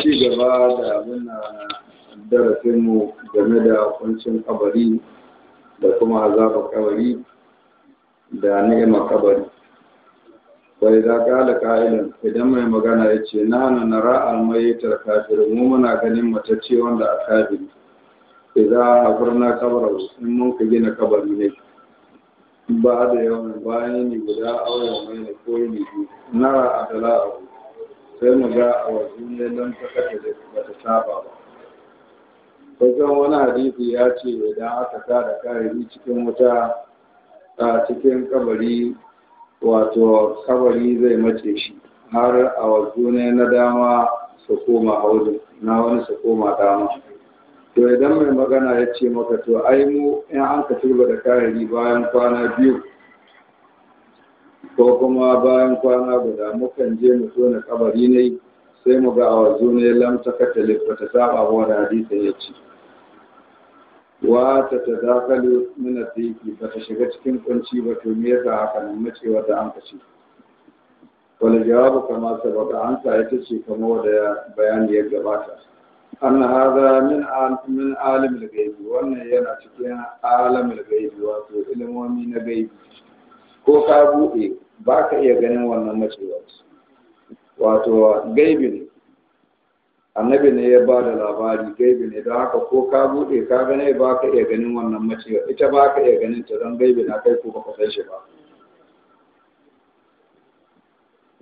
ci gaba da muna darasinmu game da kuncin kabari da kuma azabar kabari da ni'imar kabari bai za ka da ka'ilin idan mai magana ya ce na hana na ra'ar mai tarkafir mu muna ganin matacce wanda a kafiri idan a na kabarar in mun ka gina kabari ne ba da yawan bayan ne guda auren mai da koyi ne Na a tala'ahu sai mu ga a wasu ne don da ba ta saba ba Wajen wani hadisi ya ce idan aka tada kayayyaki cikin wuta a cikin kabari wato kabari zai mace shi har a wasu ne na dama su koma hauzin na wani su koma dama to idan mai magana ya ce maka to ai mu in an ka turba da kayari bayan kwana biyu ko kuma bayan kwana guda mukan je mu na kabari ne sai mu ga a wazo ne lamta katalif ba ta saba wa da ya ce wa ta ta zakalu min ba ta shiga cikin kunci ba to me yasa haka nan mace wata an ka ce wani jawabu kamar sabaka an sa ita ce kamar wadda bayani ya gabata an hada min min alimul gaibi wannan yana cikin alamul gaibi wato ilimomi na gaibi ko ka buɗe ba ka iya ganin wannan macewa wato gaibi ne annabi ne ya ba da labari gaibi ne don haka ko ka buɗe ka gane ba ka iya ganin wannan macewa ita ba ka iya ganin don gaibi na kai ko ba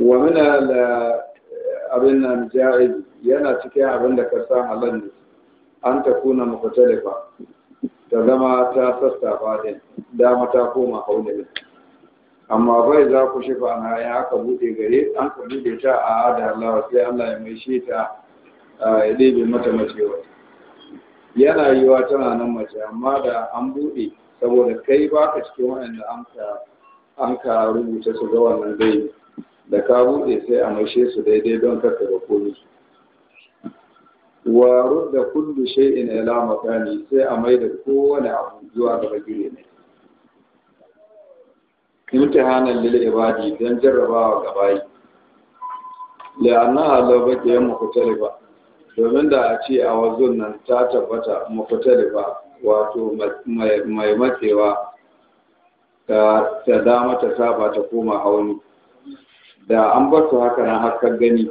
wa min al abin nan ja'iz yana cikin abin da ka sa halal ne an ta kuna mukhtalifa ta zama ta sassafa din dama ta koma haulin amma bai za ku shifa na ya aka bude gare an ka bude ta a da Allah sai Allah ya mai shi ta ya ɗebe mata macewa yana yiwa tana nan mace amma da an bude saboda kai ba baka cikin waɗanda an ka rubuta su ga wannan dai da ka buɗe sai a maishe su daidai don karka ga komi wa rudda kullu in ila makani sai a mai da kowane abu zuwa ga bagire ne imtihanan lil ibadi don jarrabawa ga bayi la'annaha mu baqiya ba, domin da a ce a wazun nan ta tabbata ba wato mai matsewa ta dama ta saba ta koma hauni da an bar su haka na haka gani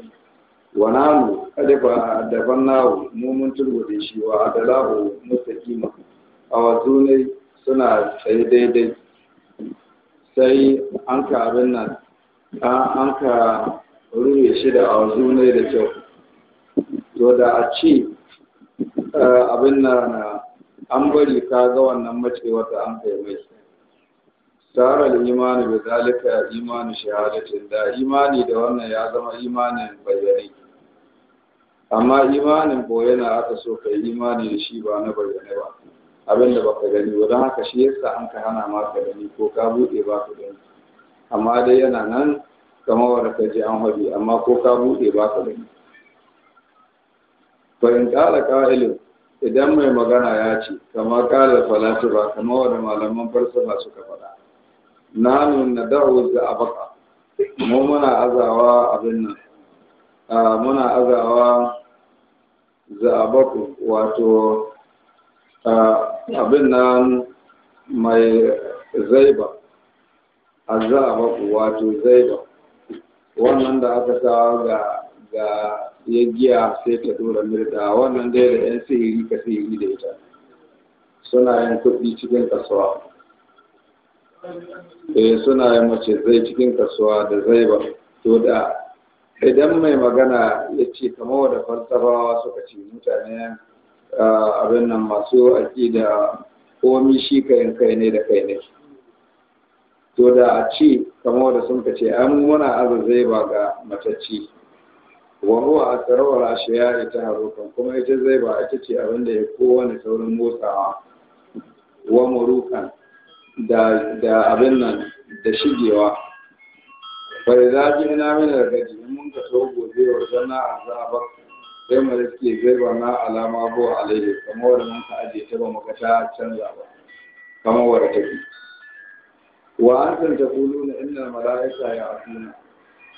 wa nanu kada ba da bannawo mu mun da shi wa adalahu mustaqima a wa-zunai suna tsaye daidai sai an ka abin nan an ka rufe shi da awa-zunai da kyau to da a ce eh, abin nan an bari ka ga wannan macewar da an kai mai sarar imani da zalika imani shahadatin da imani da wannan ya zama imanin bayyane amma imanin boye na aka so ka yi imani da shi ba na bayyane ba abinda ba ka gani ba haka shi ya sa an ka hana ma ka gani ko ka buɗe ba ka gani amma dai yana nan kamar wanda ka an haɗi amma ko ka buɗe ba ka gani bayan ƙara ƙa'ilin idan mai magana ya ce kama ƙara ba kamar wani malaman farsa masu kafaɗa. nanu na da'u da abaka mu muna azawa abin nan muna azawa za'abaku wato abin nan mai zaiba a za'abaku wato zaiba wannan da aka sa ga ga ya giya sai ta dora mirda wannan dai da yan sihiri ka sihiri da ita suna yin kuɗi cikin kasuwa eh suna yi mace zai cikin kasuwa da zai ba to da idan mai magana ya ce kama wadda falsafawa suka ce mutane abin nan masu da komi shi kayan kai ne da kai ne to da a ce kama wadda sun ka ce an muna zai ba ga matacci wa huwa asrawar ashiya ita harukan kuma ita zai ba ita ce abin da ya kowane saurin motsawa wa murukan da abin nan da shigewa bai za ji na min gaji in mun ka so gobe wa zanna azaba sai mu rike zai na alama ko alaihi kamar wanda mun ka aje ta ba mu ka ta canza ba kamar wanda take wa antum taquluna inna malaika ya'tuna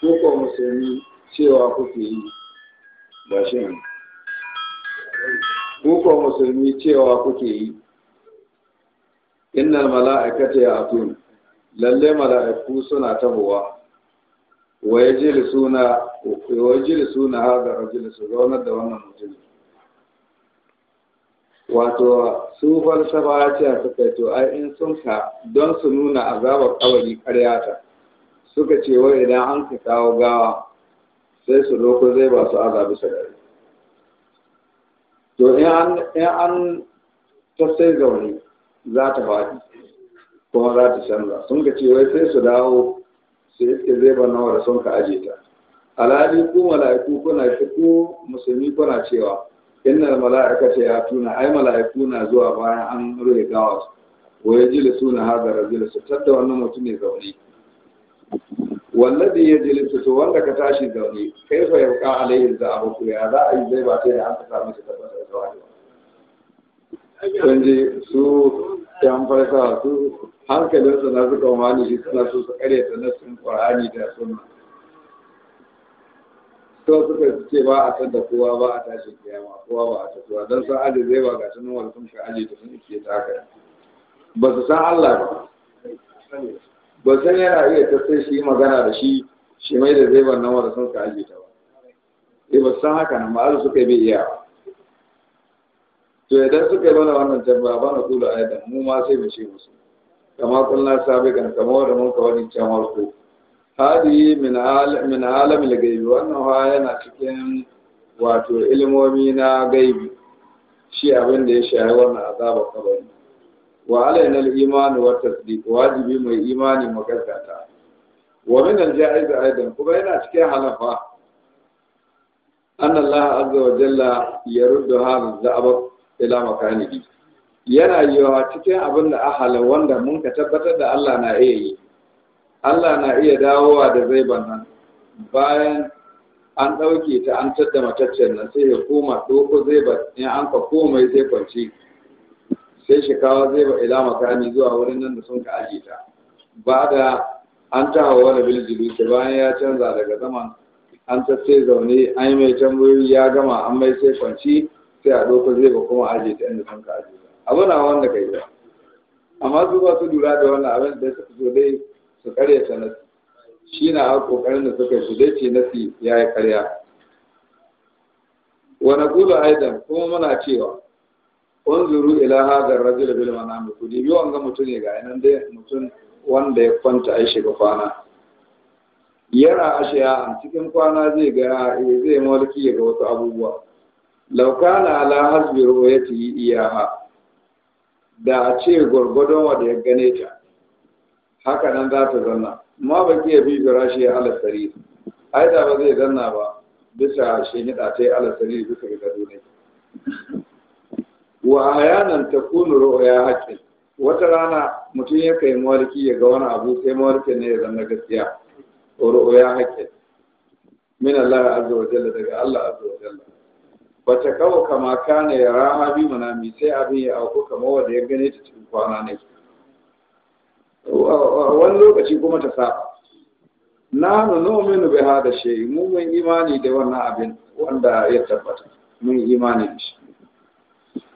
ko ko musulmi cewa kuke yi ba shi ko ko musulmi cewa kuke yi innal mala'ikata ya'tun lalle mala'iku suna tabowa wa yajlisuna wa yajlisuna hada rajul su zauna da wannan mutum wato su falsafa ce suka to ai in sun ka don su nuna azabar kawari ta, suka ce wai idan an ka kawo gawa sai su roko zai ba su azabi sa to in an ta sai zaune za ta faɗi kuma za ta canza sun ka ce wai sai su dawo su iske zai ba nawa da sun ka aje ta alhali ko mala'iku kuna ku musulmi kuna cewa inna mala'ika ta ya tuna ai mala'iku na zuwa bayan an rufe gawa wa yajlisu na haɗa da su tadda wannan mutum ne zaune ya yajlisu to wanda ka tashi zaune Kai kaifa yabqa alaihi za'abu ya za a yi zai ba ta yi an ta samu ta tabbata da wani kun ji su sai an farsa su hankalinsu na suka wani shi suna so su na sun qur'ani da sunna to suka ce ba a san da kowa ba a tashi kiyama kowa ba a tafiya don san aji zai ba ga sunan wani kun sha'ali da sun ke ta haka ba su san Allah ba ba san yana iya tattai shi magana da shi shi mai da zai ba nan wani sun ka aji ta ba eh su san haka nan ba su suka bi iya ba to idan suka yi mana wannan ba bana kula ayatan mu ma sai mu ce musu kama kunna sabiqan kama da mun ka wani cewa ko hadi min al min alam al gaibi wannan ha yana cikin wato ilmomi na gaibi shi abin da ya shahi wannan azaba kabari wa alaina al iman wa tasdiq wajibi mai imani mu gaskata wa min al jaiz aidan kuma yana cikin halafa an Allah azza wa jalla ya ruddu hadha al ila makanihi yana yiwa cikin abin da ahala wanda mun ka tabbatar da Allah na iya yi Allah na iya dawowa da zaiban nan bayan an ɗauke ta an tadda mataccen nan sai ya koma doko zaiban in an ka komai zai kwanci sai shi kawo zaiba ila makani zuwa wurin nan da sun ka aje ta ba da an ta hawa da biljilu ta bayan ya canza daga zaman an ta sai zaune an yi mai tambayoyi ya gama an mai sai kwanci sai a ɗauko zai ba kuma aje ta inda sun ka aje ta abu na wanda kai ba amma su ba su lura da wannan abin da suka zo dai su karya ta nasi shi na a ƙoƙarin da suka shi dai ce nasi ya yi karya Wani naqulu aidan kuma muna cewa zuru ila hadha ar-rajul bil manami ku dibi wanga mutum ne ga nan dai mutum wanda ya kwanta ai shiga kwana yana ashiya cikin kwana zai ga zai mulki ga wasu abubuwa laukana ala hasbi ruwayati iyaha da a ce gwargwadon wanda ya gane ta haka nan za ta zanna ma ba ki bi firashi ya ala sari ai da ba zai zanna ba bisa shi hida ta yi ala sari bisa ga gado ne wa hayanan ta kunu ru'ya haqqin wata rana mutum ya kai mawarki ya ga wani abu sai mawarkin ne ya zanna gaskiya ru'ya haqqin min Allah azza wa jalla daga Allah azza wa jalla ba ta kawo kama kana ya raha bi manami sai abin ya auku kama wanda ya gane ta cikin kwana ne wani lokaci kuma ta saba na nuno minu bai hada shi mu mun imani da wannan abin wanda ya tabbata mun imani da shi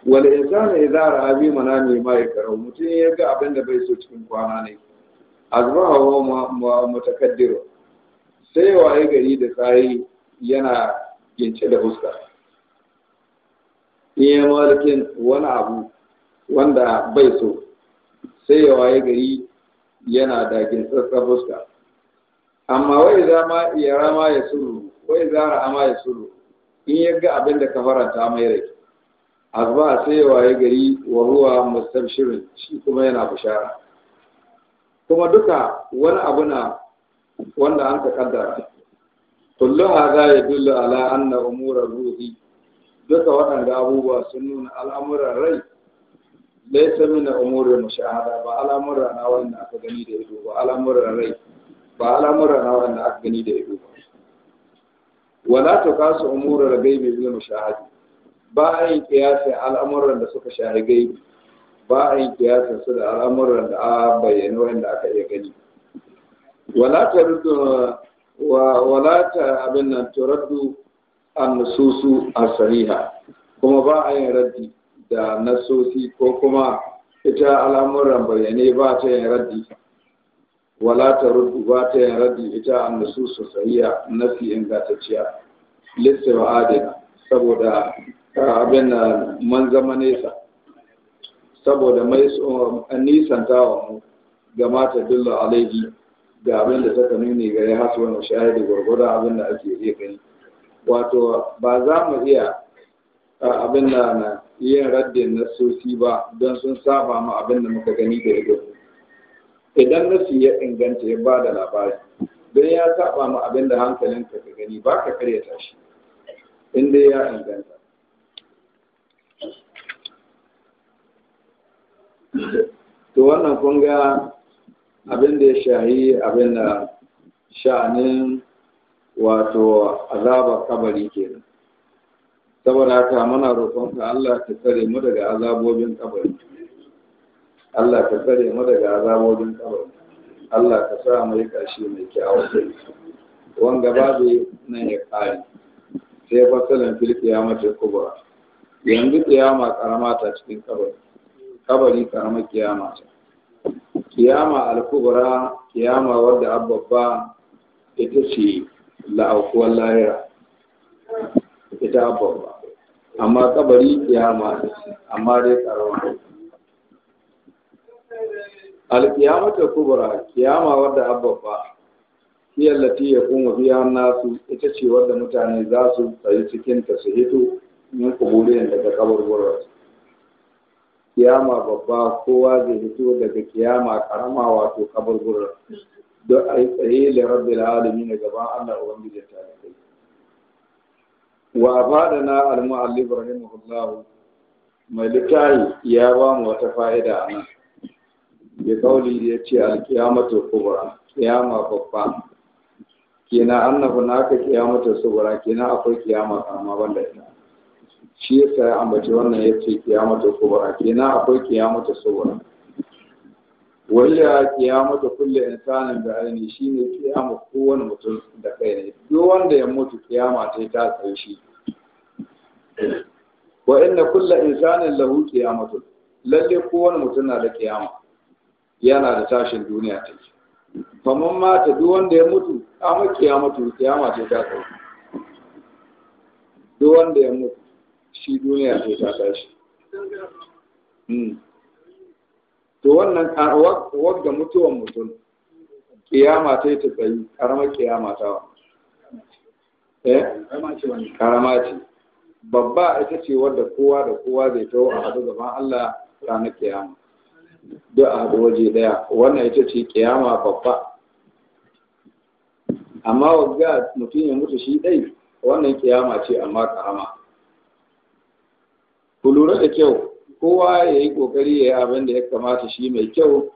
wal insana idza raha bi manami ma yakra mutum ya ga abin da bai so cikin kwana ne azbahu ma mutakaddiru sai waye gari da sai yana gince da fuska iya mawarkin wani abu wanda bai so sai ya waye gari yana da gintsatsa fuska amma wai za ma ya rama ya sulu wai za ma ya sulu in ya ga abin da ka faranta mai rai azba sai ya waye gari wa ruwa mustabshirin shi kuma yana bishara kuma duka wani abu na wanda an ka kaddara kullu hadha yadullu ala anna umura ruhi duka waɗanda abubuwa sun nuna al'amuran rai laisa mina umurin mushahada ba al'amura na wanda aka gani da ido ba al'amuran rai ba al'amura na wanda aka gani da ido ba wala ta kasu umurar gaibi bil mushahadi ba a yin kiyasin al'amuran da suka shahi gaibi ba a yin kiyasin su da al'amuran da a bayyana wanda aka iya gani wala ta wala ta abin nan turaddu annususu sariha kuma ba a yin raddi da nasosi ko kuma ita al'amuran bayyane ba ta yin raddi wala ta rubu ba ta yin raddi ita annususu sahiha nasi ingantacciya lissa wa adina saboda abin na man zama nesa saboda mai nisan wa mu ga mata dilla alaihi ga abin da ta nuni gare hasu wani shahidi gwargwada abin da ake iya gani wato ba za mu iya abin da na yin raddin nasosi ba don sun saba mu abin da muka gani da ido idan nasi ya inganta ya ba da labari don ya saba mu abin da hankalin ka gani ba ka karyata shi in dai ya inganta to wannan kun ga abin da ya shahi abin da sha'anin wato azabar kabari kenan saboda haka muna roƙonka Allah ka tsare mu daga azabobin kabari Allah ka tsare mu daga azabobin kabari Allah ka sa mu yi ƙarshe mai kyawu wanga babu nan ya kare sai fasalin fil mace kubra yanzu kiyama karama ta cikin kabari kabari karama kiyama ta kiyama al-kubra kiyama wadda abba ita ce la'aukuwar lahira ita ba amma kabari kiyama amma dai tsarawa ta kubra kiyama wadda ababba hiya allati kuma biya nasu ita ce wadda mutane za su tsaye cikin ta su hito min kuburin daga wurin kiyama babba kowa zai hito daga kiyama karama wato kabar wurin don a yi tsaye da rabbil alamin gaban Allah ubangiji ta kai wa na al Ibrahim rahimahullahu mai littafi ya ba mu wata fa'ida a nan ya kauli ya ce alkiyamatu kubra kiyama babba kenan annahu naka kiyamatu subra Kina akwai kiyama amma banda ita shi ya sa ya ambaci wannan ya ce kiyamatu kubra Kina akwai kiyamatu subra wanda kiyamata kulle insanin da aini shine kiyama kowane mutum da kai ne duk wanda ya mutu kiyama ta ta tsaye shi wa inna kulle insanin lahu kiyamatu lalle kowane mutum na da kiyama yana da tashin duniya ta ce famon mata duk wanda ya mutu amma kiyamatu kiyama ta ta tsaye duk wanda ya mutu shi duniya ta ta tsaye shi hmm. to wannan wagga mutuwan mutum kiyama ta yi ta tsayi karamar kiyama ta wa eh karama ce babba ita ce wadda kowa da kowa zai taho a haɗu gaban Allah ranar kiyama da a haɗu waje ɗaya wannan ita ce kiyama babba amma wagga mutum ya mutu shi ɗai wannan kiyama ce amma karama ku lura da kyau kowa ya yi kokari ya yi abin da ya kamata shi mai kyau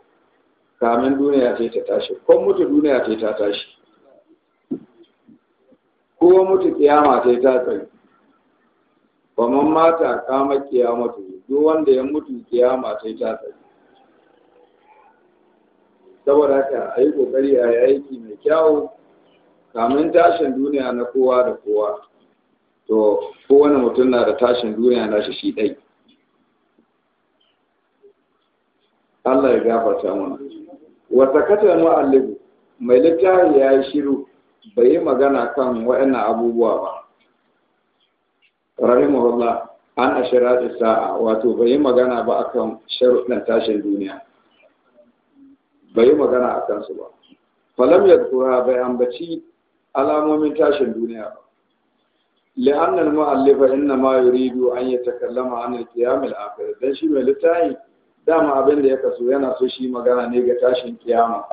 kamin duniya yi ta tashi kon mutu duniya yi ta tashi ko mutu kiyama yi ta tsaye kwaman mata kama kiyama ta duk wanda ya mutu kiyama ce ta tsaye saboda haka a yi kokari a yi aiki mai kyau kamin tashin duniya na kowa da kowa to kowane mutum na da tashin duniya na shi shi ɗai Allah ya gafarta mana wa sakata mu'allif mai littafi ya yi shiru bai yi magana kan waɗannan abubuwa ba rahimahullah an da sa'a wato bai yi magana ba akan sharuɗin tashin duniya bai yi magana a kansu ba falam ya kura bai ambaci alamomin tashin duniya ba li'annal mu'allifa inna ma yuridu an yatakallama an al-qiyam al-akhir dan shi mai littafi dama abin da ya kaso yana so shi magana ne ga tashin kiyama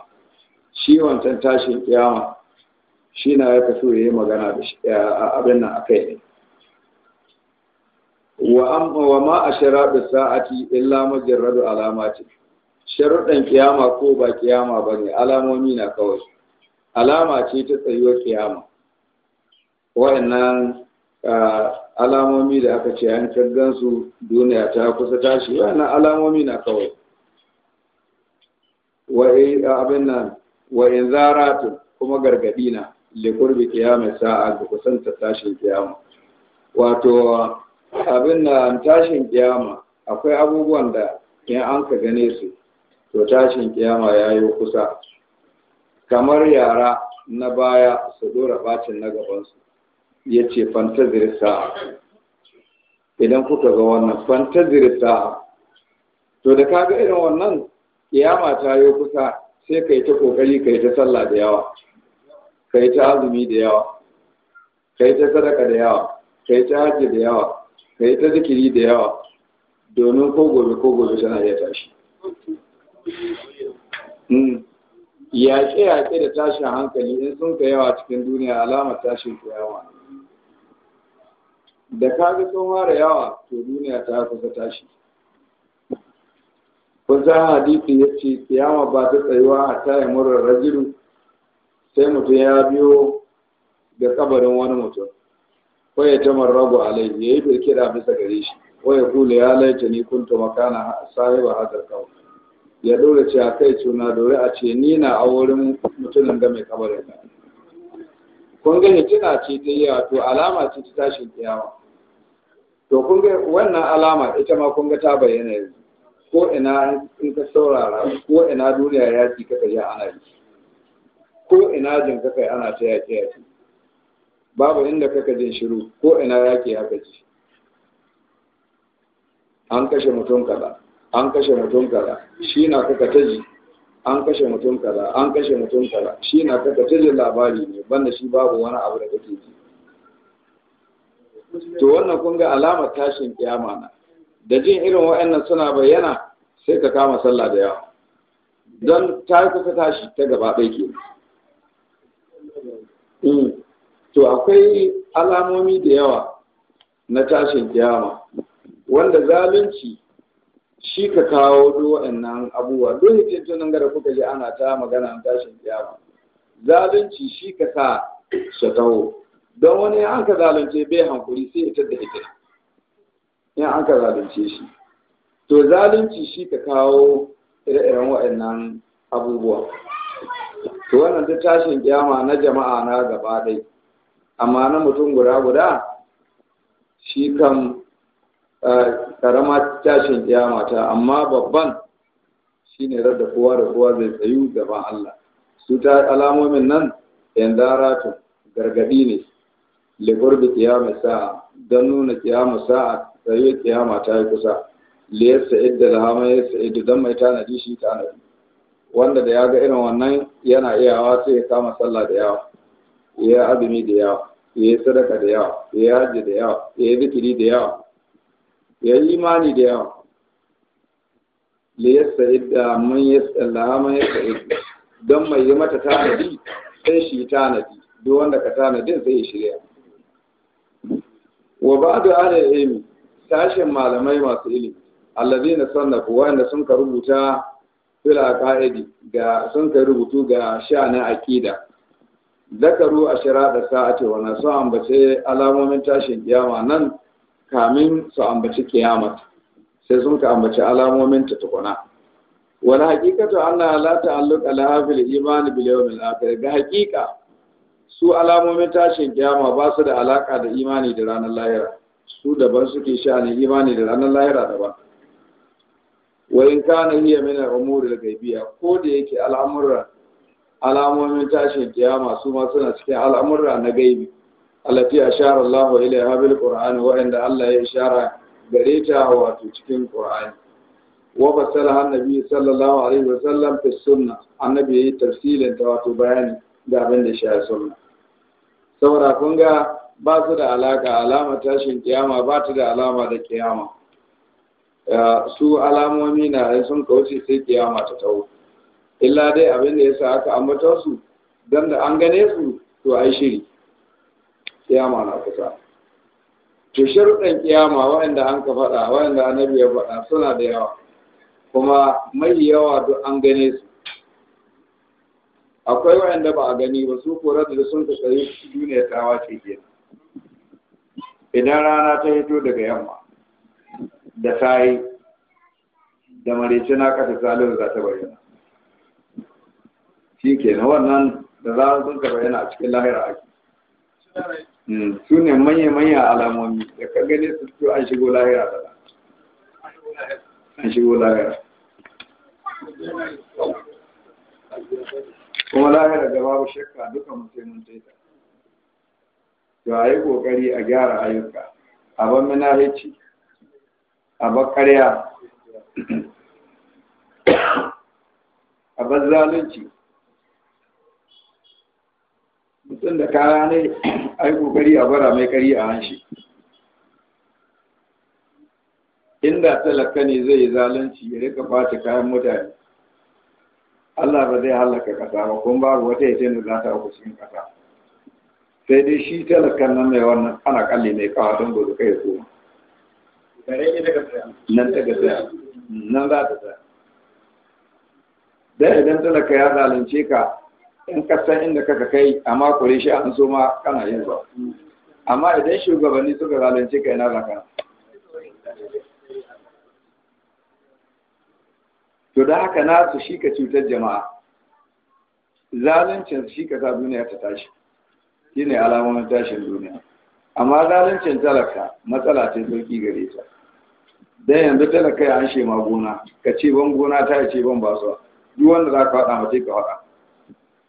shi wancan tashin kiyama shi na ya kaso ya yi magana da abin nan a kai ne wa ma a sharaɗin sa'ati illa majarradu alamati sharuɗan kiyama ko ba kiyama ba ne alamomi na kawai alama ce ta tsayuwar kiyama wa'annan alamomi da aka ce an kaggan su duniya ta kusa tashi wannan alamomi na kawai wa abin nan wa in zaratun kuma gargadi na likurbi kiyama sa'a ga ta tashin kiyama wato abin nan tashin kiyama akwai abubuwan da in an ka gane su to tashin kiyama ya yi kusa kamar yara na baya su dora bacin na gabansu ya ce fantazir sa'a idan kuka ga wannan fantazir sa'a to da kaga irin wannan kiyama ta yi kusa sai ka yi ta kokari yi ta sallah da yawa ka yi ta azumi da yawa ka yi ta sadaka da yawa ka yi ta haji da yawa ka yi ta zikiri da yawa domin ko gobe ko gobe tana iya tashi hmm. yaƙe-yaƙe da tashin hankali in sun ka yawa cikin duniya alamar tashin kiyama ne da ka ga sun ware yawa to duniya ta kusa tashi kusa hadisi ya ce kiyama ba ta tsayuwa a taya murar rajilu sai mutum ya biyo da kabarin wani mutum ko ya ta marrago alaihi ya yi da bisa gare shi ko ya kula ya laita ni kuntu makana sahiba hadar kawo ya dole ce a kai tuna dore a ce ni na a wurin mutumin da mai kabarin kun ga hitina ce ta yi wato alama ce ta tashin kiyama to kun ga wannan alama ita ma kun ga ta bayyana yanzu ko ina in ka saurara ko ina duniya ya ci ka kai ana yi ko ina jin ka kai ana ta yaƙi yaƙi babu inda kaka jin shiru ko ina yaƙi haka ji an kashe mutum kaza an kashe mutum kaza shi na kaka ta ji an kashe mutum kaza an kashe mutum kaza shi na kaka ta ji labari ne banda shi babu wani abu da kake ji to wannan kun ga alamar tashin kiyama na da jin irin wa'annan suna bayyana sai ka kama sallah da yawa don ta yi kuka tashi ta gaba ɗaya ke hmm. to akwai alamomi da yawa na tashin kiyama wanda zalunci shi ka kawo duk wa'annan abubuwa duk hikintunan gara kuka ji ana ta magana tashin kiyama zalunci shi ka sa shataho don wani an ka zalunce bai hankuri sai ya tadda ita ya an ka zalunce shi to zalunci shi ka kawo ire-iren waɗannan abubuwa to wannan ta tashin kyama na jama'a na gaba ɗai amma na mutum guda guda shi kan karama eh, tashin kyama ta amma babban shi ne radda kowa da kowa zai tsayu gaban Allah su ta alamomin nan yanzu gargadi ne liqurbi qiyam sa'a dan nuna qiyam sa'a sai qiyama ta yi kusa li yas'id da hama yas'id dan mai tanadi shi tanadi wanda da ya ga irin wannan yana iyawa sai ya kama sallah da yawa ya azumi da yawa ya yi sadaka da yawa ya hajji da yawa ya yi zikiri da yawa ya yi imani da yawa li yas'id da man yas'id da hama yas'id dan mai yi mata tanadi sai shi tanadi duk wanda ka tanadin sai ya shirya wa ba da ahlil ilimi tashin malamai masu ilimi na alladhina kowa inda sun ka rubuta a ka'idi ga sun ka rubutu ga na akida zakaru a da sa'ati wa na sun ambace alamomin tashin kiyama nan kamin su ambaci kiyama sai sun ka ambaci alamomin ta tukuna wani haqiqatu anna la ta'alluqa laha bil iman bil yawmil akhir ga hakika su alamomin tashin kiyama ba su da alaka da imani da ranar lahira su daban suke sha'anin imani da ranar lahira daban wa in kana hiya min al-umuri al-ghaibiyya ko da yake al'amuran alamomin tashin kiyama su ma suna cikin al'amura na gaibi allati ashara Allahu ilaiha bil Qur'an wa inda Allah ya ishara gare ta wato cikin Qur'ani wa fasala annabi sallallahu alaihi wa sallam fi sunnah annabi yi tafsilin ta wato bayani ga abin da shi sunnah saboda kun ga ba su da alaka alama tashin kiyama ba ta da alama da kiyama su alamomi na sun kauce sai kiyama ta taho illa dai abin da ya sa aka ambata su don da an gane su to ai shiri kiyama na kusa to sharuɗan kiyama waɗanda an ka faɗa waɗanda annabi ya faɗa suna da yawa kuma mai yawa duk an gane su akwai wa'anda ba a gani ba su kora da sun ka tsaye duniya ta wace ke idan rana ta hito daga yamma da ta yi da marece na kasa salihu za ta bayyana shi ke na wannan da za sun ka bayyana a cikin lahira ake hmm, su ne manya-manya alamomi da ka gani su an shigo lahira da an shigo lahira kuma lahira da babu shakka duka mu sai mun taita to a yi kokari a gyara ayyuka a ban minahici a ban karya a ban zalunci mutum da kaya ne a yi kokari a bara mai kari a hanshi inda talaka ne zai yi zalunci ya rika kwace kayan mutane Allah ba zai halaka kasa ba kuma babu wata ya da za ta hau cikin kasa sai dai shi talakan nan mai wannan ana kalli mai ƙawa don gobe kai ko nan ta ga tsaya nan za ta tsaya dan idan talaka ya zalunce ka in ka san inda kaka kai amma kure shi an so ma kana yin ba amma idan shugabanni suka zalunce ka ina za ka to da haka na su shi ka cutar jama'a zaluncin shi ka sa duniya ta tashi shi ne alamomin tashin duniya amma zaluncin talaka matsala ta sauki gare ta dan yanzu talaka ya anshe ma gona ka ce ban gona ta yi ce ban basuwa duk wanda za ka faɗa mace ka faɗa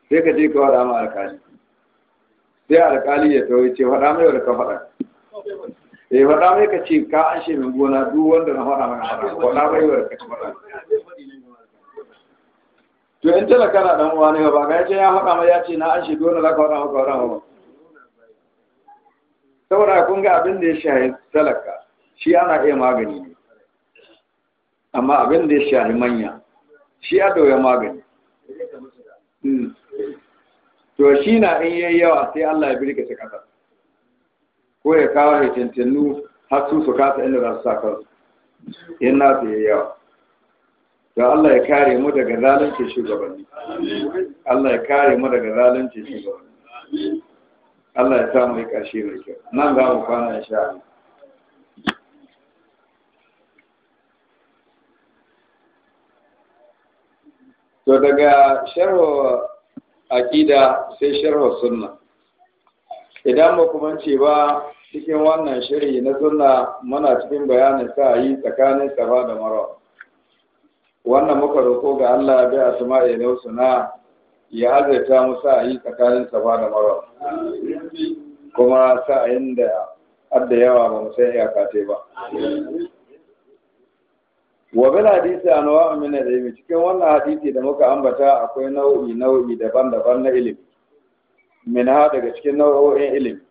sai ka je ka faɗa ma alkali sai alkali ya tawo ce faɗa mai wanda ka faɗa eh faɗa mai ka ce ka anshe min gona duk wanda na faɗa mai faɗa faɗa mai wanda ka faɗa to in talaka na dan uwa ne ba ga yace ya haɗa mai yace na an shigo na laka wannan haka wannan saboda kun ga abin da ya shahi talaka shi ana iya magani ne amma abin da ya shahi manya shi ya dauya magani hmm. to shi na in yayi yawa sai Allah ya birke ta kasa ko ya kawo hitintinnu har su su kasa inda za su sa kansu in na su yayi yawa da Allah ya kare mu daga zalunci shugabanni Allah ya kare mu daga zalunci shugabanni Allah ya samu yi ƙarshe mai kyau nan za mu kwana insha Allah to daga sharho aqida sai sharho sunna idan ba kuma ce ba cikin wannan shiri na sunna muna cikin bayanin sa yi tsakanin safa da marwa wannan muka roko ga Allah biya bi asma'i na husna ya azaita a yi tsakanin safa da mara kuma sa'ayin da adda yawa ba musa san kace ba wa bil hadisi anwa min al-ilmi cikin wannan hadisi da muka ambata akwai nau'i nau'i daban-daban na ilimi min ha daga cikin nau'o'in ilimi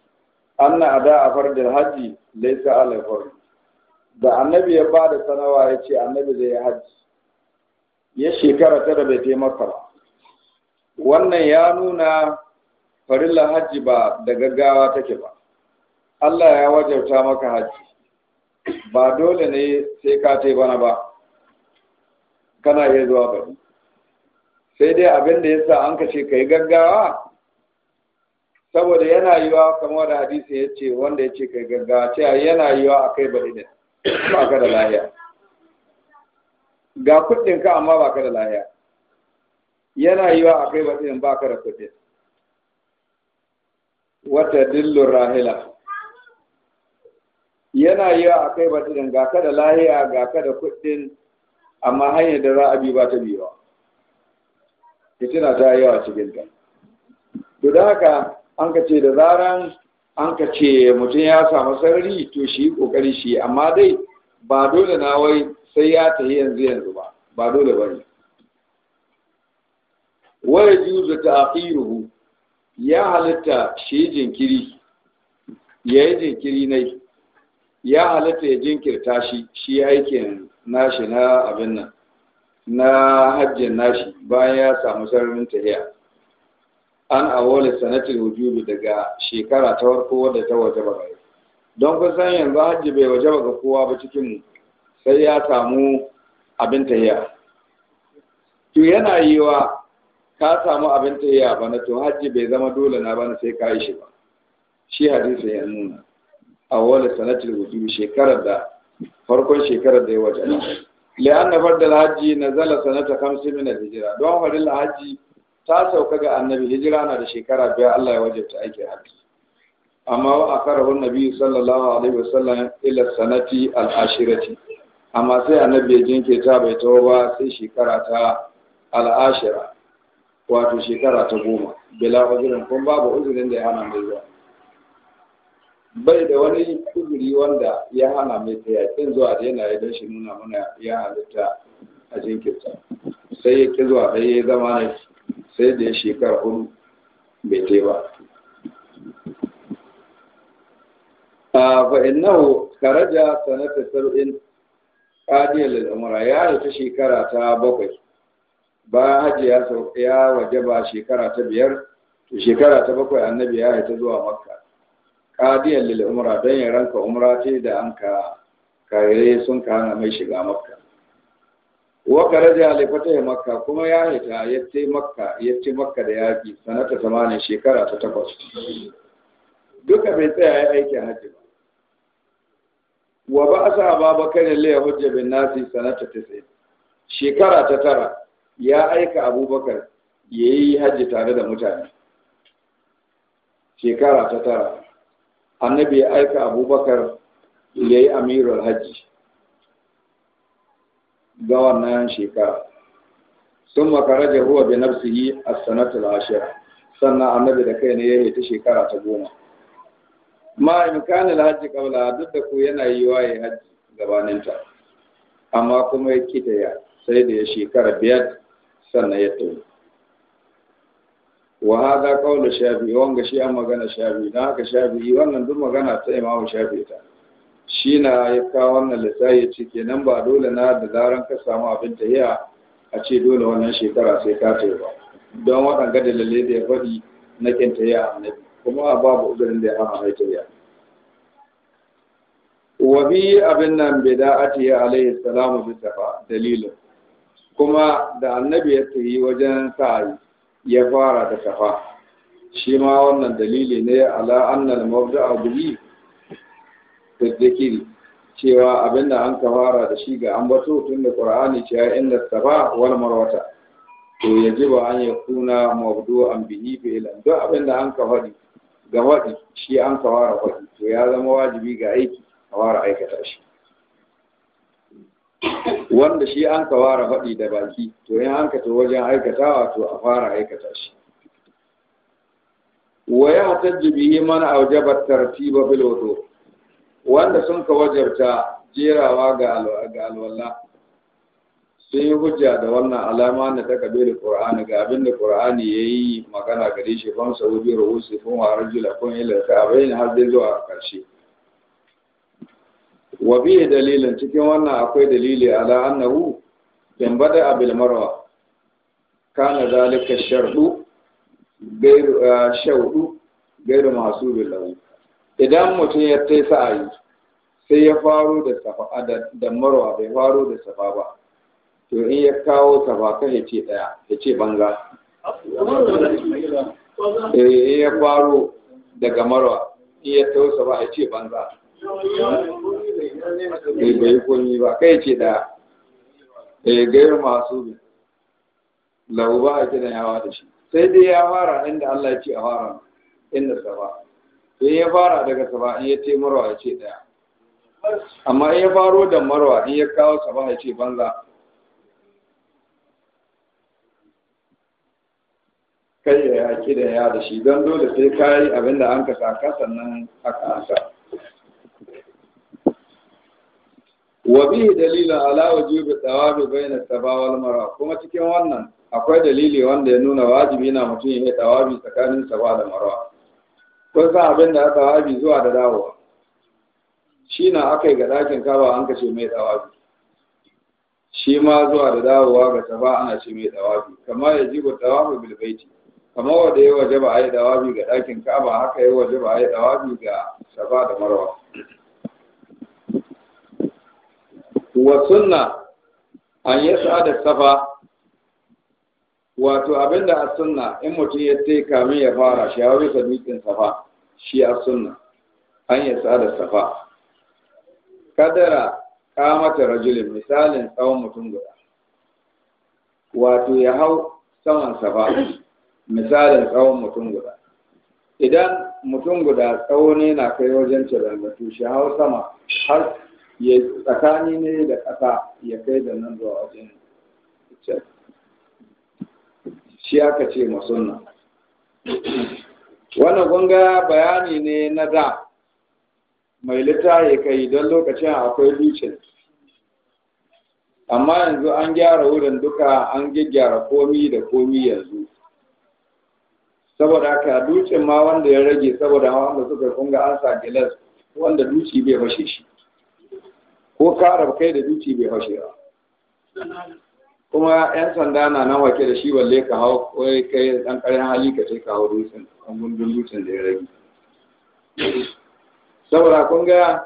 anna ada a fardil hajji laysa al fard da annabi ya bada sanawa yace annabi zai yi hajji. ya shekara tara bai taimaka ba wannan ya nuna farilla hajji ba da gaggawa take ba Allah ya wajarta maka hajji ba dole ne sai ka tai bana ba kana iya zuwa bari sai dai abin da yasa an kace kai gaggawa saboda yana yiwa kamar da hadisi ya ce wanda ya ce kai gaggawa ce yana yiwa a kai bari ne ba ka da lahiya ga kuɗin ka amma ba ka da lahiya yana yi wa ba batsin ba ka da kuɗin wata dillu rahila yana yi wa ba batsin ga ka da lahiya ga ka da kuɗin amma hanyar da za a bi ba ta biyuwa fitina ta yi yawa cikin ta to da haka an ka ce da zaran an ka ce mutum ya samu sarari to shi kokari shi amma dai ba dole na wai sai ya tafi yanzu yanzu ba ba dole ba ne waya juzu ta aqiruhu ya halitta shi jinkiri ya yi jinkiri nai ya halitta ya jinkirta shi shi aikin nashi na abin nan na hajjin nashi bayan ya samu sararin tahiya an awole sanatar wujudu daga shekara ta farko wadda ta waje ba don kusan yanzu hajji bai waje ba ga kowa ba cikin sai ya samu abin tahiya to yana yiwa ka samu abin tahiya bana to hajji bai zama dole na bana sai ka yi shi ba shi hadisi ya nuna a wani sanatar wujubi shekarar da farkon shekarar da ya wata. waje na farda hajji na zala sanata 50 min al hijira. don fardal hajji ta sauka ga annabi hijira na da shekara biyar Allah ya wajabta aikin hajji amma wa akarahu nabi sallallahu alaihi wasallam ila sanati al-ashirati amma sai annabi ya ta bai taho ba sai shekara ta al'ashira wato shekara ta goma bila uzurin kun babu uzurin da ya hana mai zuwa bai da wani uzuri wanda ya hana mai ta Kin zuwa da yana idan shi nuna mana ya halitta a jinkirta sai ya ki zuwa ɗaya ya zama ne sai da ya shekara hudu bai ta ba ah, fa innahu kharaja sanata sar'in qadiyal al'amura ya rufe shekara ta bakwai ba haji ya ya wajaba shekara ta biyar to shekara ta bakwai annabi ya haita zuwa makka qadiyal al'amura don ya ranka umra ce da an ka kare sun kana mai shiga makka wa karaja li ya makka kuma ya haita yace makka yace makka da yaki sanata 80 shekara ta takwas duka bai tsaya ya aikin hajji ba wa ba sa ababakar lai hujja bin nasi sanata 90 shekara ta tara ya aika abubakar ya yi hajji tare da mutane shekara ta tara annabi ya aika abubakar ya yi amirar hajji ga wannan shekara sun makara da bin bi nafsihi a sanatul ashir sannan annabi da kai ne ya yi ta shekara ta goma ma da hajji kabla duk da ku yana yi wa ya hajji gabaninta amma kuma ya kita ya sai da ya shekara biyar sannan ya tafi wa hada qawlu shafi wanga shi an magana shafi dan haka shafi wannan duk magana ta imamu shafi ta shi na ya kawo wannan lissafi ya ce kenan ba dole na da zaran ka samu abin ya a ce dole wannan shekara sai ka tafi ba don waɗanga dalilai da ya faɗi na kintahiya annabi kuma babu uzurin da ya hana mai ya. wa bi abin nan ya alaihi salamu bi tafa dalilin kuma da annabi ya tafi wajen sa'ayi ya fara da tafa, shi ma wannan dalili ne ala annal mabda'a da tadhkiri cewa abin da an ka fara da shi ga ambato tun da qur'ani cewa inda tafa wal marwata to ba an yi kuna yakuna mabdu'an bihi fi'lan duk da an ka faɗi ga waɗi shi an kawara waɗi to ya zama wajibi ga aiki kawara aikata shi wanda shi an kawara faɗi da baki to yin an kato wajen aikatawa to a fara aikata shi wa ya hatajji bihi man aujaba tartiba filo wudu wanda sun ka wajarta jerawa ga alwala sai yi hujja da wannan alama na ta kabe da qur'ani ga abin da qur'ani yayi magana gare shi ban sa wubi ruusi kun wa rajula kun ila ka'bayn har zai zuwa karshe wa bi dalilin cikin wannan akwai dalili ala annahu in bada abil marwa kana zalika shardu gairu gairu masu bilawi idan mutum ya tai ayi sai ya faro da marwa bai faro da safa ba to in ya kawo ta ba kan ya ce ɗaya ya ce banga Eh ya faro daga marwa in ya tausa ba ya ce banza eh, bai bai komi ba kai ce ɗaya ya eh, gairu masu bi lau ba a kiran yawa da shi sai dai ya fara inda Allah ya ce a fara inda saba in ya fara daga saba in ya ce marwa ya ce ɗaya amma in ya faro da marwa in ya kawo saba ya ce banza kai ya yaki da ya da shi don dole sai ka yi abin da an ka saka sannan aka kasa. wa bi dalilin ala wujubi tsawabi bai saba wal mara kuma cikin wannan akwai dalili wanda ya nuna wajibi na mutum ya tsawabi tsakanin saba da mara kun san abin da tsawabi zuwa da dawowa shi na aka yi ga dakin kaba an kace mai tsawabi shi ma zuwa da dawowa ga saba ana ce mai tsawabi kamar ya jibu tsawabi bil baiti kamar wanda ya waje ba a yi dawabi ga ɗakin ka'aba haka ya waje ba a yi dawabi ga safa da marwa wa sunna an yi da safa wato abin a sunna in mutum ya ce kamin ya fara shi ya rusa dutsen safa shi a sunna an yi da safa kadara kamata rajulin misalin tsawon mutum guda wato ya hau saman safa misalin tsawon mutum guda idan mutum guda tsawo ne na kai wajen cirangatu shi hau sama har ya tsakani ne da ƙasa ya kai da nan zuwa wajen shi aka ce masunna wannan gunga bayani ne na da mai littafi kai don lokacin akwai lucin amma yanzu an gyara wurin duka an gyaggyara komi da komi yanzu saboda haka dukin ma wanda ya rage saboda wanda suka kunga an sa gilas wanda duci bai fashe shi ko kara kai da duci bai fashe ba kuma yan sanda na nan wake da shi balle ka hau kai kai dan karin hali ka sai ka hau dutsen an gundun dukin da ya rage saboda kunga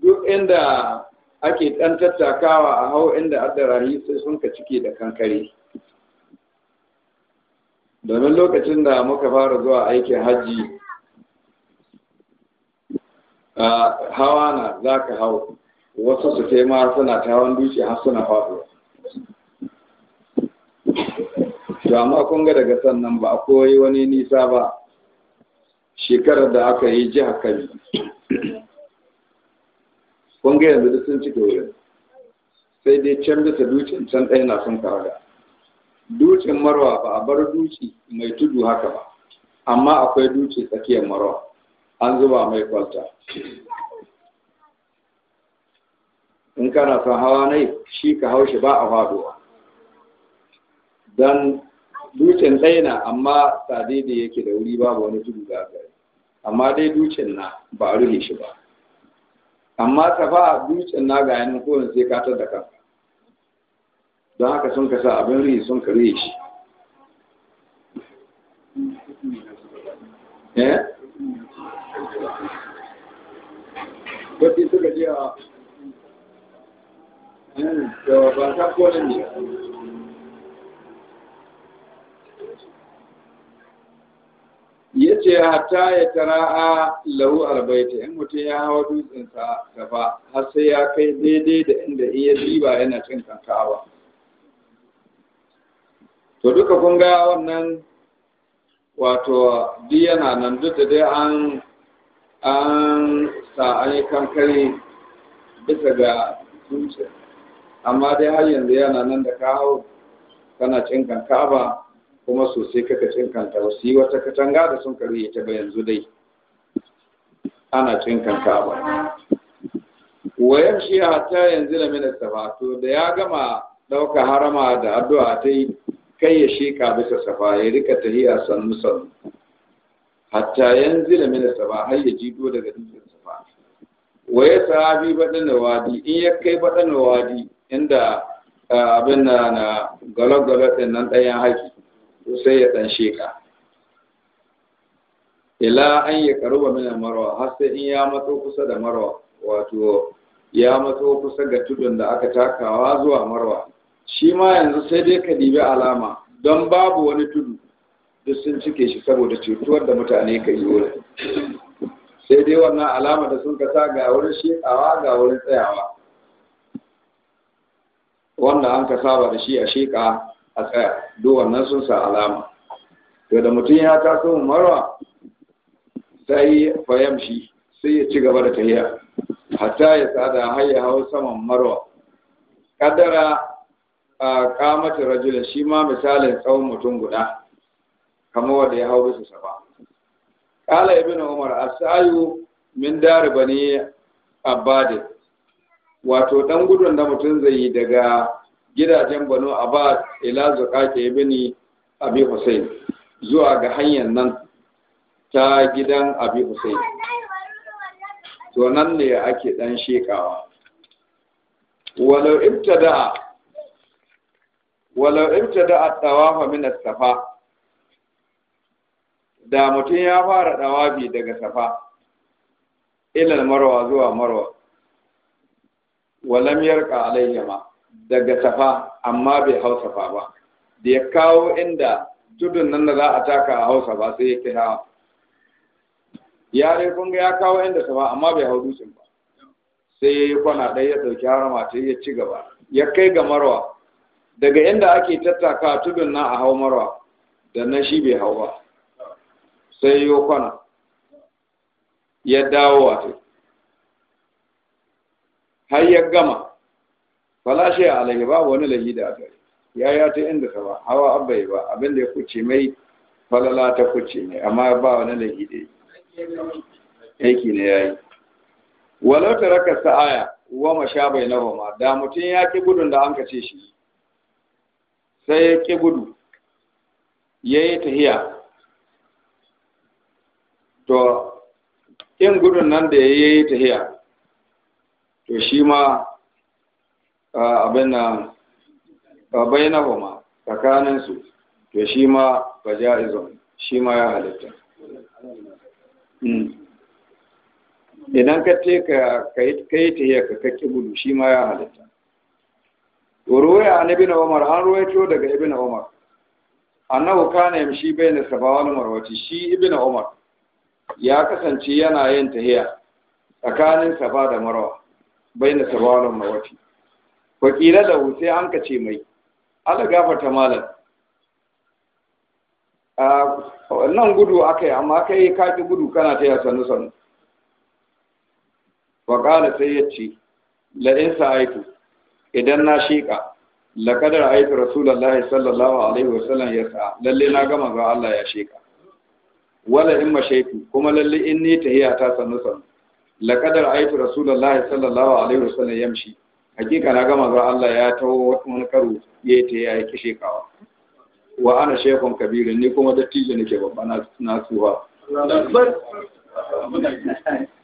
duk inda ake dan tattakawa a hau inda addarahi sai sun ka cike da kankare domin lokacin da muka fara zuwa aikin hajji a hawa na za ka hau wasu su taima suna ta hawan duki har suna faɗuwa to amma kun ga daga sannan ba a koyi wani nisa ba shekarar da aka yi jiha kabi kun ga yanzu sun cike wurin sai dai can bisa dukin can ɗaya na sun karaga dutsen marwa ba a bar duci mai tudu haka ba amma akwai dutse tsakiyar marwa an zuba mai kwalta in kana son hawa ne, shi ka haushi ba a faduwa don ducin ɗaya amma tsadai da yake da wuri babu wani tudu da gari amma dai ducin na ba a rufe shi ba amma safa ducin na ga yanin kowane sai ka da kan don haka sun kasa abin rihi sun kare shi eh wata suka je a da eh, ta ne ya ce hatta ya tara a lau albaita yan mutum ya hawa dutsensa gaba har sai ya kai daidai da inda iya riba yana cin kankawa to duka kun ga wannan wato duk yana nan duk da dai an an sa an yi kankare bisa ga zuciya amma dai har yanzu yana nan da ka hau kana cin ba kuma sosai kaka cin kanta su yi wata katanga da sun karye ta ba yanzu dai ana cin ba. wayan shi ta yanzu da minista ba to da ya gama ɗauka harama da addu'a ta yi kai ya ka bisa safa ya rika tahiya sannu sannu hatta yanzu da mina safa har ya ji jido daga dukkan safa wa ya sahabi baɗin wadi in ya kai baɗin wadi inda abin na na galagala ɗin nan ɗayan haki sai ya ɗan sheka ila an yi karuba mina marwa har sai in ya matso kusa da marwa wato ya matso kusa ga tudun da aka takawa zuwa marwa shi ma yanzu sai dai ka dibi alama don babu wani tudu duk sun cike shi saboda cutuwar da mutane ka yi wurin sai dai wannan alama da sun kasa ga wurin shekawa ga wurin tsayawa wanda an ka saba da shi a sheka a tsaya duk wannan sun sa alama to da mutum ya taso marwa sai shi sai ya ci gaba da tahiya hatta ya tsada har ya hau saman marwa kadara kamata rajula shi ma misalin tsawon mutum guda kamar wanda ya hau bisa saba kala ibn umar asayu min dari bani abadi wato ɗan gudun da mutum zai yi daga gidajen banu abad ila zuqaqi ibn abi husayn zuwa ga hanyar nan ta gidan abi husayn to nan ne ake ɗan shekawa walau ibtada walau ibtada at-tawafa min as-safa da mutum ya fara dawafi daga safa ilal marwa zuwa marwa walam yarka alayyama. daga safa amma bai hau safa ba da ya kawo inda tudun nan da za a taka a hausa ba sai ya kai hawa ya dai kun ga ya kawo inda safa amma bai hau dutsen ba sai ya yi kwana ɗaya ya ɗauki harama sai ya ci gaba ya kai ga marwa daga inda ake tattaka tudun na a hau marwa da na shi bai hau ba sai yi kwana ya dawo wato har ya gama falashe a alaihi ba wani lahi da aka ya ya ta inda ta ba hawa abba ba abinda ya kuce mai falala ta kuce mai amma ba wani lahi da aiki ne ya yi walau raka sa'aya wa mashabai bai na da mutum ya ki gudun da an kace shi sai ya ƙi gudu ya yi tahiya to in gudun nan da ya yi tahiya to shi ma abin na bayyana tsakaninsu to shi ma ba izo. shi ma ya halitta mm. idan ka te ka yi tahiya ka kakki gudu shi ma ya halitta ruwaya an ابن umar an رويته daga ابن umar annahu كان يمشي بين سبوان wal شي shi عمر umar ya kasance yana yin tahiya tsakanin safa da marwa bayna sabawa wal marwati wakila da sai an kace mai ala malam nan gudu akai amma kai ka ki gudu kana ta ya sanu sanu wa qala sai la in sa'aitu idan na shiƙa laƙadar aiki rasulallah sallallahu alaihi wasallam ya sa lalle na gama ga Allah ya shiƙa wala in mashaitu kuma lalle in ni hiya ta sannu sannu laƙadar aiki rasulallah sallallahu alaihi wasallam yamshi hakika na gama ga Allah ya tawo wani karo ya ta ya aiki shekawa wa ana shekon kabirin ni kuma dattijo nake babba na tsuwa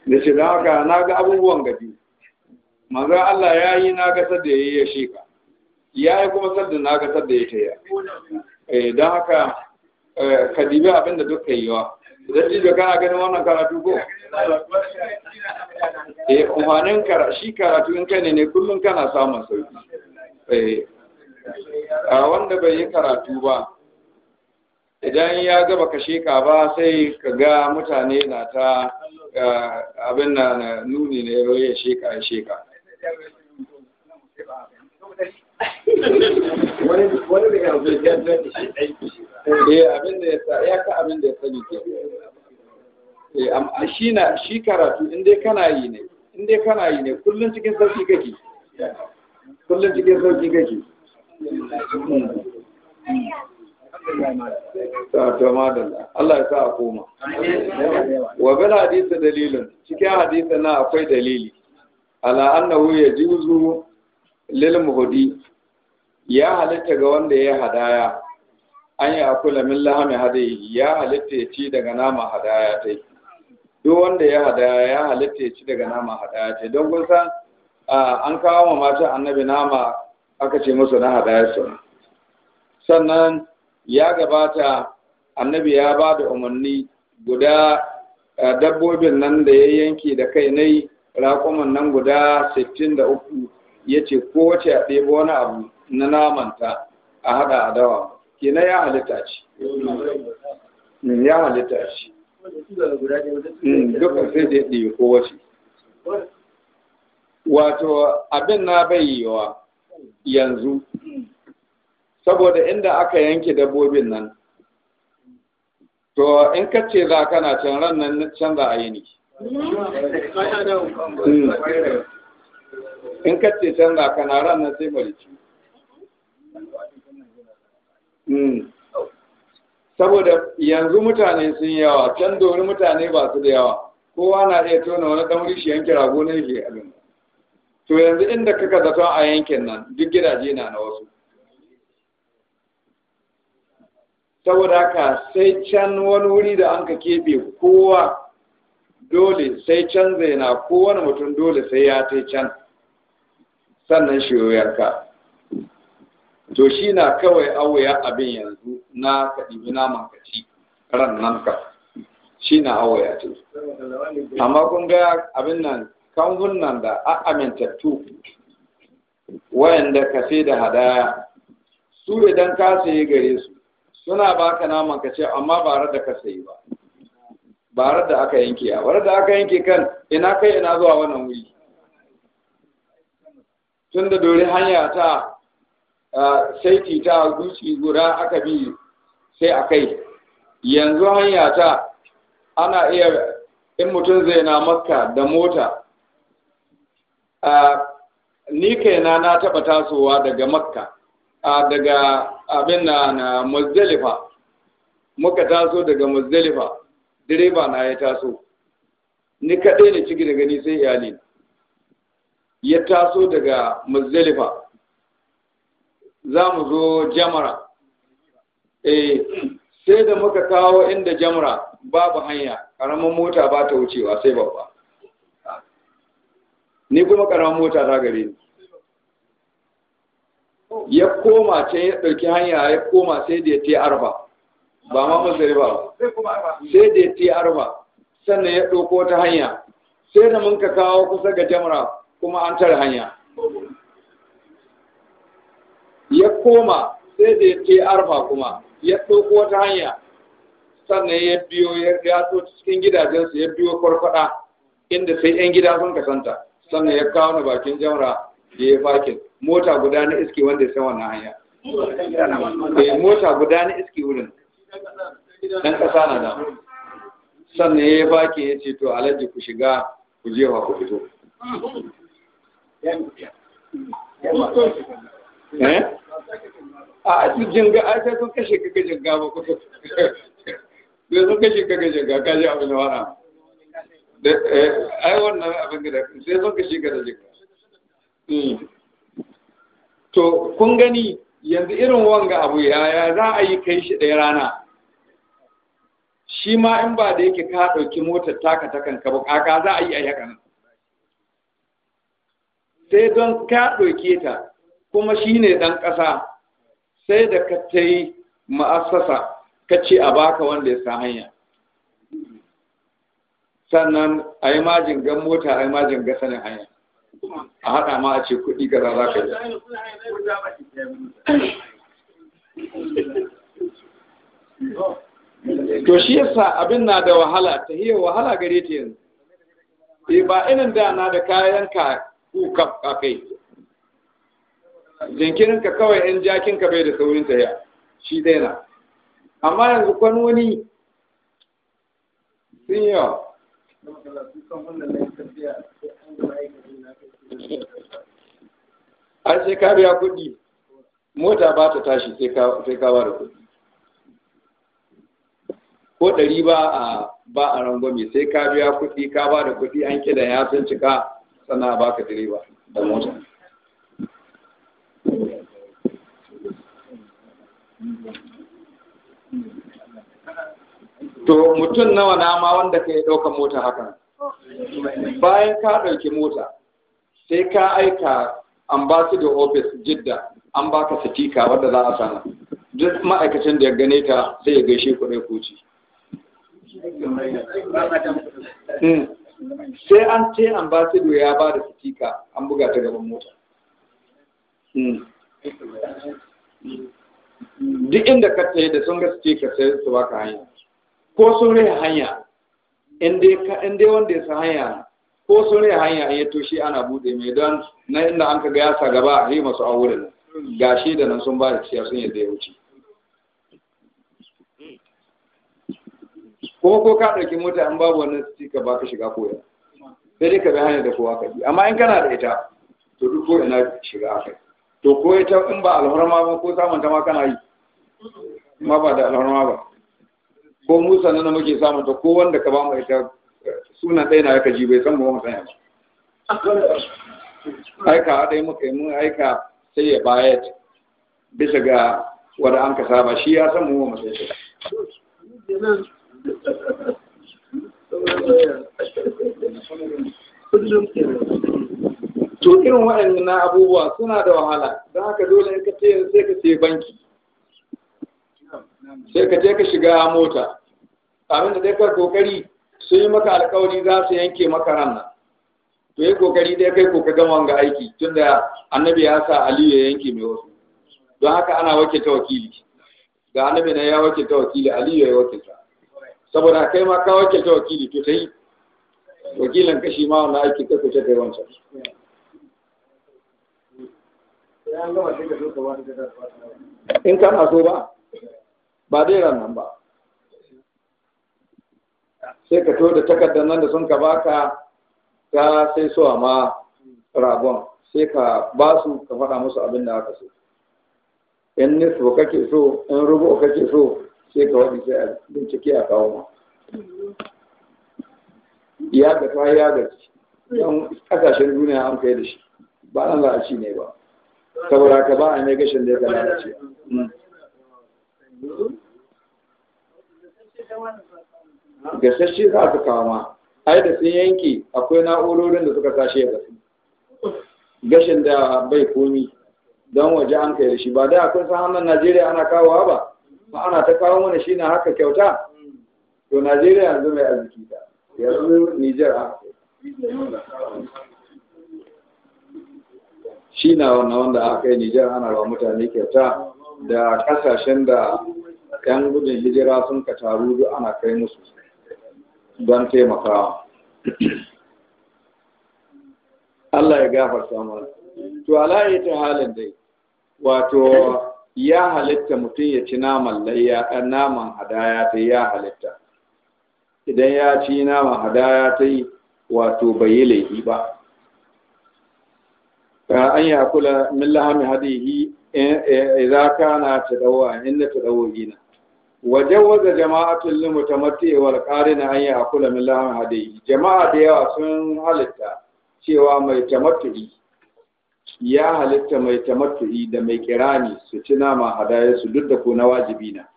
da shi da haka na ga abubuwan gabi manzo Allah ya yi na ga gasar da ya yi ya sheka ya yi kuma sadda na gasar da ya taya. yi eh, don haka eh, ka dibi abin da duk yi wa idan ji kana ganin wannan karatu ko eh umarnin kara shi karatu in kai ne kullun kullum kana samun sauki eh a wanda bai yi karatu ba idan ya gaba ka sheka ba sai ka ga mutane na ta eh, abin na nuni ne ya sheka ya sheka wani eh, da ya shi ya sa ya ka abin da ya sani ke eh amma shi na shi karatu in dai kana yi ne in dai kana yi ne kullum cikin sauki kake kullum cikin sauki kake hmm. ta to madalla Allah ya sa a koma wa bil hadisa dalilin cikin hadisa na akwai dalili ala annahu yajuzu lil muhdi ya halitta ga wanda ya hadaya an ya kula min lahami hadayi ya halitta ya ci daga nama hadaya ta duk wanda ya hadaya ya halitta ya ci daga nama hadaya ta don kun san an kawo ma mata annabi nama aka ce musu na hadaya su sannan ya gabata annabi ya ba da umarni guda dabbobin nan da ya yanke da kai yi. raƙuman nan guda 63 ya ce kowace a ɗebo wani abu na namanta a hada a dawa ya halitta ce mm, ya halitta ce mm, dukkan sai da ya kowace wato abin na bayyewa yanzu saboda inda aka yanke dabbobin nan to in ka ce za kana can ran nan can za a yi ne Hmm. in ka ce canza kana ran nan sai barci hmm. saboda yanzu mutane sun yawa can dori mutane ba su da yawa kowa na iya tona wani ɗan shi yanki rago na yake abin to yanzu inda kaka zaton a yankin nan duk gidaje na na wasu saboda haka sai can wani wuri da an ka keɓe kowa dole sai can zai kowane mutum dole sai ya ta can sannan shi to shi na kawai awaya abin yanzu na kaɗibi na makaci ran nan ka shi na awaya ce amma kun ga abin nan kangun nan da a amintattu wayanda ka sai da hadaya su idan ka sayi gare su suna baka naman ka amma ba da ka sayi ba ba da aka yanke a bar da aka yanke kan ina kai ina zuwa wannan wuri tun da dori hanya ta saiti ta zuci, guda aka bi sai a kai yanzu hanya ta ana iya in mutum zai na makka da mota ni kaina na taɓa tasowa daga makka daga abin na muzdalifa muka taso daga muzdalifa direba na ya taso ni kaɗai ne ciki da gani sai iyali ya taso daga muzdalifa za mu zo jamara eh sai da muka kawo inda jamara babu hanya ƙaramin mota ba ta wucewa sai babba ni kuma ƙaramin mota ta gare ni ya koma can ya ɗauki hanya ya koma sai da ya te arba ba ma mazari ba sai da ya ti arba sannan ya ɗauko ta hanya sai da mun ka kawo kusa ga jamra kuma an tare hanya ya koma sai da ya ti arba kuma ya ɗauko ta hanya sannan ya biyo ya gato cikin gidajensu ya biyo kwarkwada inda sai 'yan gida sun kasanta sannan ya kawo na bakin jamra da ya fakin mota guda na iski wanda ya san wannan hanya eh, mota guda na iski wurin ɗan ƙasa na nan sannan ya baki ya ce to alhaji ku shiga ku je wa ku fito eh? a su jinga a ta sun kashe kaga jinga ba kusa sai sun kashe kaga jinga ka ji abin da wara eh, ai wannan abin da sai sun kashe kaga jinga hmm. to kun gani yanzu irin wanga abu yaya za a yi kai shi ɗaya rana shi ma in ba da yake ka ɗauki motar taka ta kanka ba kaka za a yi a yakan sai don ka ɗauke ta kuma shi ne ɗan ƙasa sai da ka ta yi ma'asasa ka ce a baka wanda ya sa hanya sannan a yi majin gan mota a yi majin ga sanin hanya a haɗa ma a ce kuɗi gaza za ka yi to shi yasa abin na da wahala ta hiyar wahala gare ta yanzu e ba irin da na da kayan ka kuka a kai jinkirin ka kawai yan jakin ka bai da saurin ya, shi daina. na amma yanzu kwanoni sun yawa a sai ka biya kuɗi mota ba ta tashi sai ka ba da kuɗi ko ɗari ba a ba a rangwame sai ka biya kuɗi ka ba da kuɗi an kida ya sun cika sana ba ka direba da mota to mutum nawa na ma wanda ka yi ɗaukar mota hakan bayan ka ɗauki mota sai ka aika ambassador ofis jidda an baka satika wadda za a sana duk ma'aikacin da ya gane ka sai ya gaishe kuɗin kuci Hmm. sai an ce ambassador ya ba da sitika an buga ta gaban mota hmm. duk inda ka tsaye da sun ga ka sai su baka hanya ko sun rai hanya in dai wanda ya sa hanya ko sun rai hanya ya to shi ana bude mai don na inda an ka gaya sa gaba a yi masu a wurin gashi da nan sun ba da ciya sun yadda ya wuce ko ko ka ɗauki mota in babu wannan stika ba ka shiga koya sai dai ka bi hanyar da kowa ka bi amma in kana da ita to duk ko ina shiga aka to ko ita in ba alhorma ba ko samun ta ma kana yi ma ba da alhorma ba ko musa na na muke samun ta ko wanda ka ba mu ita sunan ɗaya na ka ji bai san ba mu sanya ba aika a ɗaya muka yi mun aika sai ya bayar bisa ga wanda an ka saba shi ya san mu ma mu sai to irin waɗannan abubuwa suna da wahala don haka dole in ka ce sai ka ce banki sai ka je ka shiga mota abinda dai ka kokari sun yi maka alkawari za su yanke maka ran to yi kokari dai kai ko ka gama ga aiki tun da annabi ya sa aliyu ya yanke mai wasu don haka ana wakilta wakili ga annabi na ya wakilta wakili aliyu ya wakilta saboda kai ma ka wakilta wakili to ta yi wakilan kashi ma wani aiki kai kuce kai wancan in kana so ba ba dai ranar ba sai ka to da takardar nan da sun ka baka ka sai so ma ragon sai ka ba su ka faɗa musu abin da aka so in nisfu kake so in rubu kake so sai ka wani sai a bincike a kawo ma ya ga ta ya ga yan kasashen duniya an kai da shi ba an la'aci ne ba saboda ka ba a ne gashin da ya lalace hmm. gasashe za ka kawo ma ai da sun yanki akwai na'urorin da suka tashi ya gasu gashin da bai komi don waje an kai da shi ba dai akwai san hannun najeriya ana kawowa ba ma'ana ta kawo mana shi na haka kyauta to najeriya yanzu mai arziki ta yanzu niger a shi na wannan wanda aka yi niger ana ba mutane kyauta da kasashen da yan gudun hijira sun ka taru duk ana kai musu don taimakawa Allah ya gafarta mana to ala ta halin dai wato ya halitta mutum ya ci naman layya naman hadaya ta ya halitta idan ya ci naman hadaya ta yi wato bai yi laifi ba an ya kula min lahami hadihi eh, eh, idza kana tadawa inna tadawina wajawaza jama'atul limutamatti'i wal na an ya kula min lahami hadihi jama'a da yawa sun halitta cewa mai tamattu'i ya halitta mai tamattu'i da mai kirani su ci nama hadaya su duk da ko na wajibi na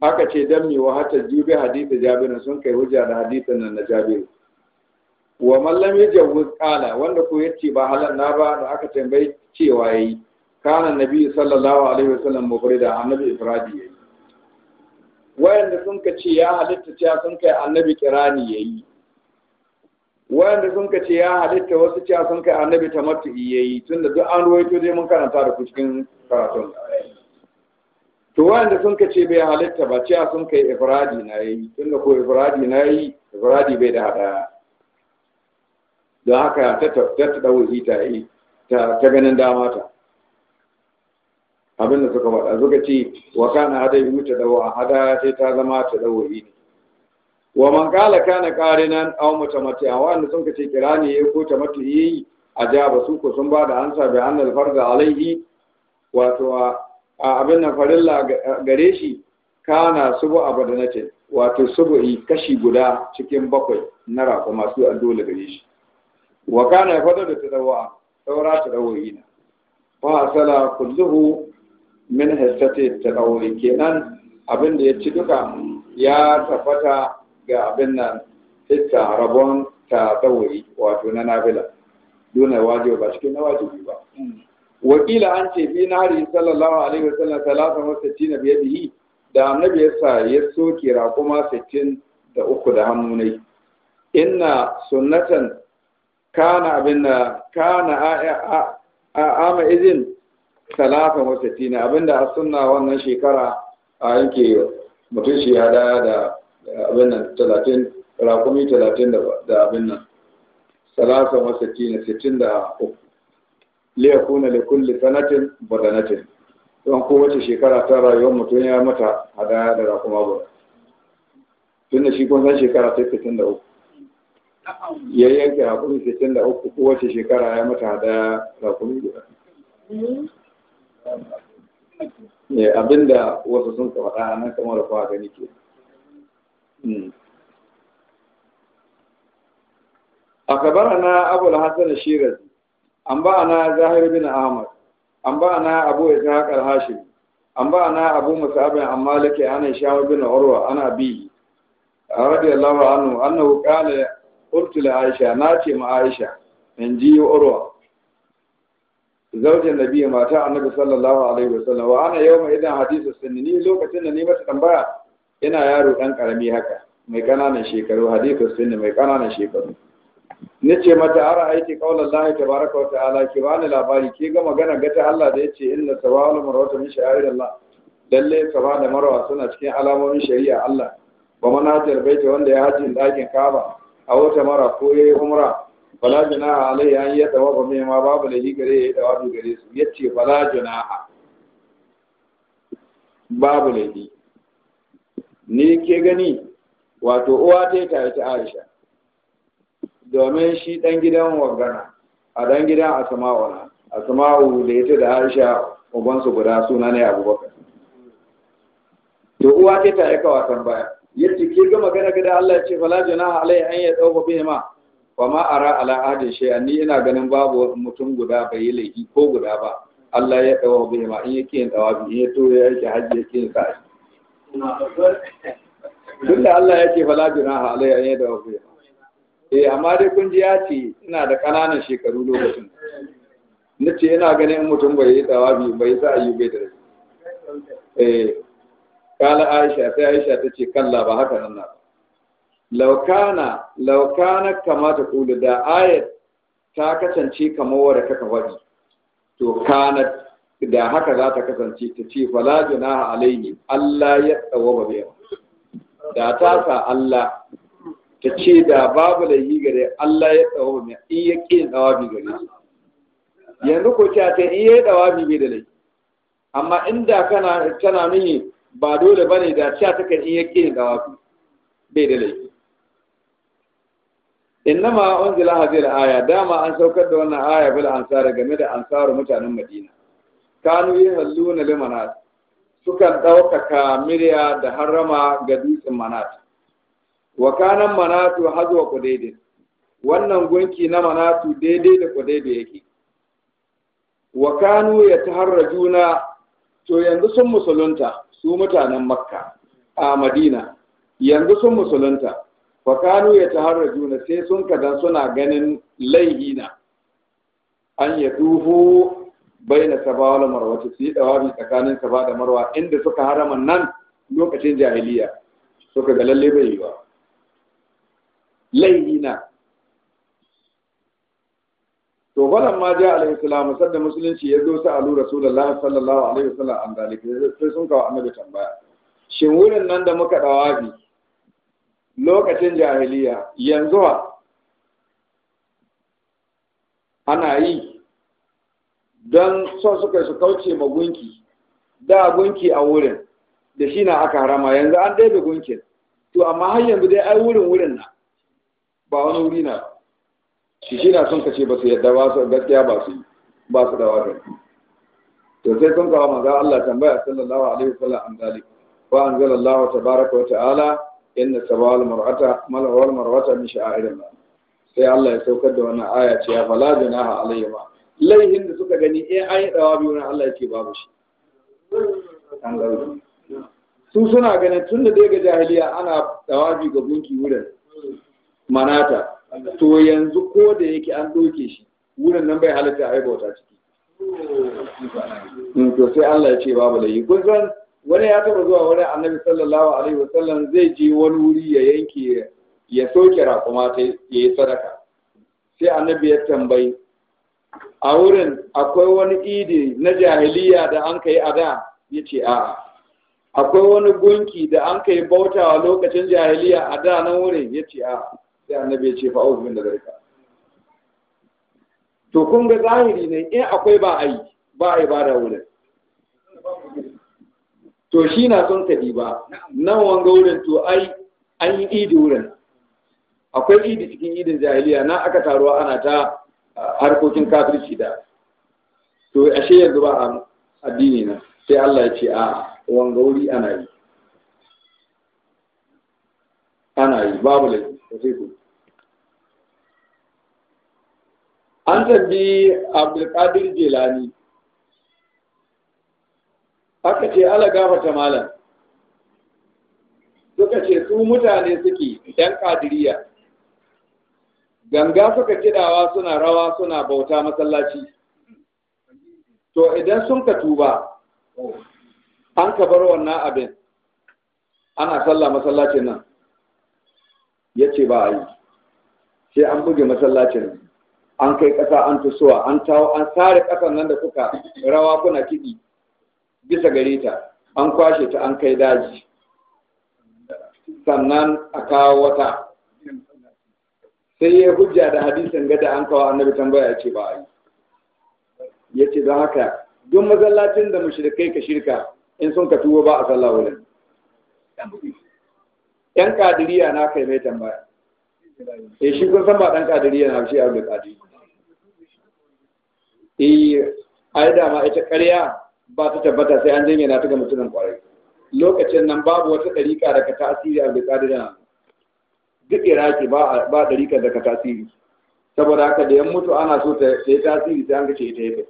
aka ce dan mi wahata jibi hadisi jabirin sun kai hujja da hadisin nan na jabiru wa mallam ya yajawuz kala wanda ko yace ba halal na ba da aka tambayi cewa yayi kana nabi sallallahu alaihi wasallam mufrida annabi ifradi yayi wayanda sun ka ce ya halitta cewa sun kai annabi kirani yayi wanda sun ka ce ya halitta wasu cewa sun kai annabi ta matu'i ya yi tun da duk an ruwaito dai mun karanta da ku cikin karatun to wanda sun ka ce bai halitta ba cewa sun kai ifradi na yi tun da ko ifradi na yi ifradi bai da hada don haka ta ta dauki ita yi ta ganin dama ta abin da suka faɗa suka ce wa kana hada yi wuce a hada sai ta zama ta dawo ne wa man kala kana qarinan aw mutamati'an an sun kace kirani yayi ko tamattu yi ajaba su ko sun bada ansa bi annal farda alaihi wato abin nan farilla gare shi kana subu abadanatin wato yi kashi guda cikin bakwai na rafa masu addola gare shi wa kana fada da tadawa saura tadawoyi na fa asala kulluhu min hasati tadawoyi kenan abin da ya ci duka ya tabbata ga abin nan ita rabon ta tsawuri wato na nafila dole wajibi ba cikin na wajibi ba wakila an ce bi nari sallallahu alaihi wasallam salatan wa na bi bihi da annabi ya sa ya soke raƙuma sittin da uku da hannu ne inna sunnatan kana abin da kana a ama izin salatan wa sittina abinda a sunna wannan shekara a yanke mutum shi hada da abin nan talatin rakumi talatin da abin nan salasa wasu na sittin da uku liyakuna da kulli sanatin badanatin don kowace shekara ta rayuwar mutum ya mata hadaya da rakuma ba tun da shi kun san shekara ta sittin da uku ya yanke rakumi sittin da uku kowace shekara ya mata hadaya rakumi guda mm-hmm. eh, abinda wasu sun faɗa nan kamar da kwa gani kenan أخبرنا أبو الحسن الشيرازي أنبأنا زاهر بن أحمد أنبأنا أبو إسحاق الهاشمي أنبأنا أبو مصعب عن مالك عن هشام بن عروة أنا أبي رضي الله عنه أنه قال قلت لعائشة ناتي مع عائشة من جي عروة زوج النبي ما تاع النبي صلى الله عليه وسلم وأنا يوم إذا حديث السنيني لو كنت نيمة تنبأ ina yaro ɗan ƙarami haka mai ƙananan shekaru hadithu sunni mai ƙananan shekaru Ni ce mata ara aiki ƙaunar lahi ta baraka wa ta'ala ki bani labari ke ga magana gata Allah da ya ce inna sawa wal marwata min sha'air Allah lalle ba da marwa suna cikin alamomin shari'a Allah wa manajar ta wanda ya haji dakin Kaaba a wata mara ko yayi umra bala jana'a alai an ya dawa ba mai ma babu lahi gare ya dawa bi gare su yace bala jana'a babu lahi ni ke gani wato uwa ta yi tare ta aisha domin shi ɗan gidan wangana a ɗan gidan Asama'u na Asama'u da ita da aisha ubansu guda suna ne abubakar to uwa ta ta aika wasan baya yace ke ga magana gada Allah ya ce fala junaha alai an ya dauka bihima wa ma ara ala ahadin shay'an ni ina ganin babu mutum guda bai yi laifi ko guda ba Allah ya dawo bihima in yake yin dawabi in ya to ya yake hajji yake yin sa'i tun da Allah ya ce fala junaha alayya an yadda wasu eh amma dai kun ji ya ce ina da ƙananan shekaru lokacin na ce ina ganin mutum bai yi tsawabi bai sa sa'ayi bai da rai eh kala Aisha sai Aisha ta ce kalla ba haka nan na laukana laukana kamata kulu da ayat ta kasance kamar wadda kaka faɗi to kanat da haka za ta kasance ta ce fala junaha alaihi Allah ya ba bai da ta sa Allah ta ce da babu laihi gare Allah ya ba mai in ya ƙi bi gare shi yanzu ko ta ta in ya bi bai da laihi amma inda kana tana mini ba dole bane da ta ta kan in ya ƙi tsawabi bai da laihi innama unzila hadhihi al-aya dama an saukar da wannan aya bil ansar game da ansaru mutanen Madina kanu yi hallu na limanat sukan ɗaukaka murya da harama ga dutsen manat wa kanan manatu hazuwa kudede wannan gunki na manatu daidai da kudede yake wa kanu ya juna, to yanzu sun musulunta su mutanen makka a madina yanzu sun musulunta wa kanu ya juna sai sun kadan suna ganin laihina an ya duhu baina safa wal marwa su yi dawabi tsakanin saba da marwa inda suka harama nan lokacin jahiliya suka ga lalle bai yi ba laihina to wannan ma ja alaihi salam sadda musulunci ya zo sa'alu rasulullah sallallahu alaihi wasallam an dalika sai sun kawo annabi tambaya shin wurin nan da muka dawabi lokacin jahiliya yanzu ana yi don son suka su kauce ma gunki da gunki a wurin da shi na aka harama yanzu an ɗebe gunkin to amma har yanzu dai ai wurin wurin na ba wani wuri na shi shi na sun kace ba su yadda ba su gaskiya ba su ba su da wata. to sai sun kawo manzo Allah tambaya sallallahu alaihi sallam an zalik wa anzalallahu tabaraka wa ta'ala inna sabal mar'ata mal wal mar'ata min sha'airillah sai Allah ya saukar da wannan aya ce ya fala jinaha alayhi laihin da suka gani eh an yi dawa biyu na Allah ya ce babu shi su suna ganin tun da dai ga jahiliya ana dawabi ga gunki wurin manata to yanzu ko da yake an doke shi wurin nan bai halitta a yi bauta ciki hmm, to sai Allah ya ce babu laihi kun san wani ya taba zuwa wani annabi sallallahu alaihi wasallam zai je wani wuri ya yanke ya soke raƙuma ta ya yi sadaka sai annabi ya tambayi a wurin akwai wani idi na jahiliya da an kai a da ya ce a akwai wani gunki da an kai a lokacin jahiliya a da na wurin ya ce a sai annabi ya ce fa da min to kun ga zahiri ne in akwai ba a yi ba a yi ba da wurin to shi na son kadi ba nan wanga wurin to ai an yi idi wurin akwai idi cikin idin jahiliya na aka taruwa ana ta harkokin kafirci da to ashe yanzu ba a addini na sai Allah ya ce a wanga wuri ana yi ana yi babu laifi sai ku an tambi Abdulkadir Jelani aka ce ala gafata malam suka ce su mutane suke dan kadiriya ganga suka kidawa suna rawa suna bauta masallaci to idan sun ka tuba an ka bar wannan abin ana sallah masallacin nan ya ce ba a yi sai an buge masallacin an kai ƙasa an tusuwa an tawo an sare ƙasan nan da kuka rawa kuna kiɗi bisa gare ta an kwashe ta an kai daji sannan a kawo wata sai ya hujja da hadisin gada an kawo annabi tambaya ya ce ba a yi ya ce don haka duk masallacin da mushrikai ka shirka in sun ka tuwo ba a sallah wurin Ɗan kadiriya na kai mai tambaya eh shi kun san ba ɗan kadiriya na shi abu kadiri eh ai da ma ita ƙarya ba ta tabbata sai an janye na ta ga mutumin kwarai lokacin nan babu wata ɗariƙa daga ka tasiri abu kadiri na duk iraki ba a dariƙar da tasiri saboda haka da yan mutu ana so ta yi tasiri sai an ce ita yi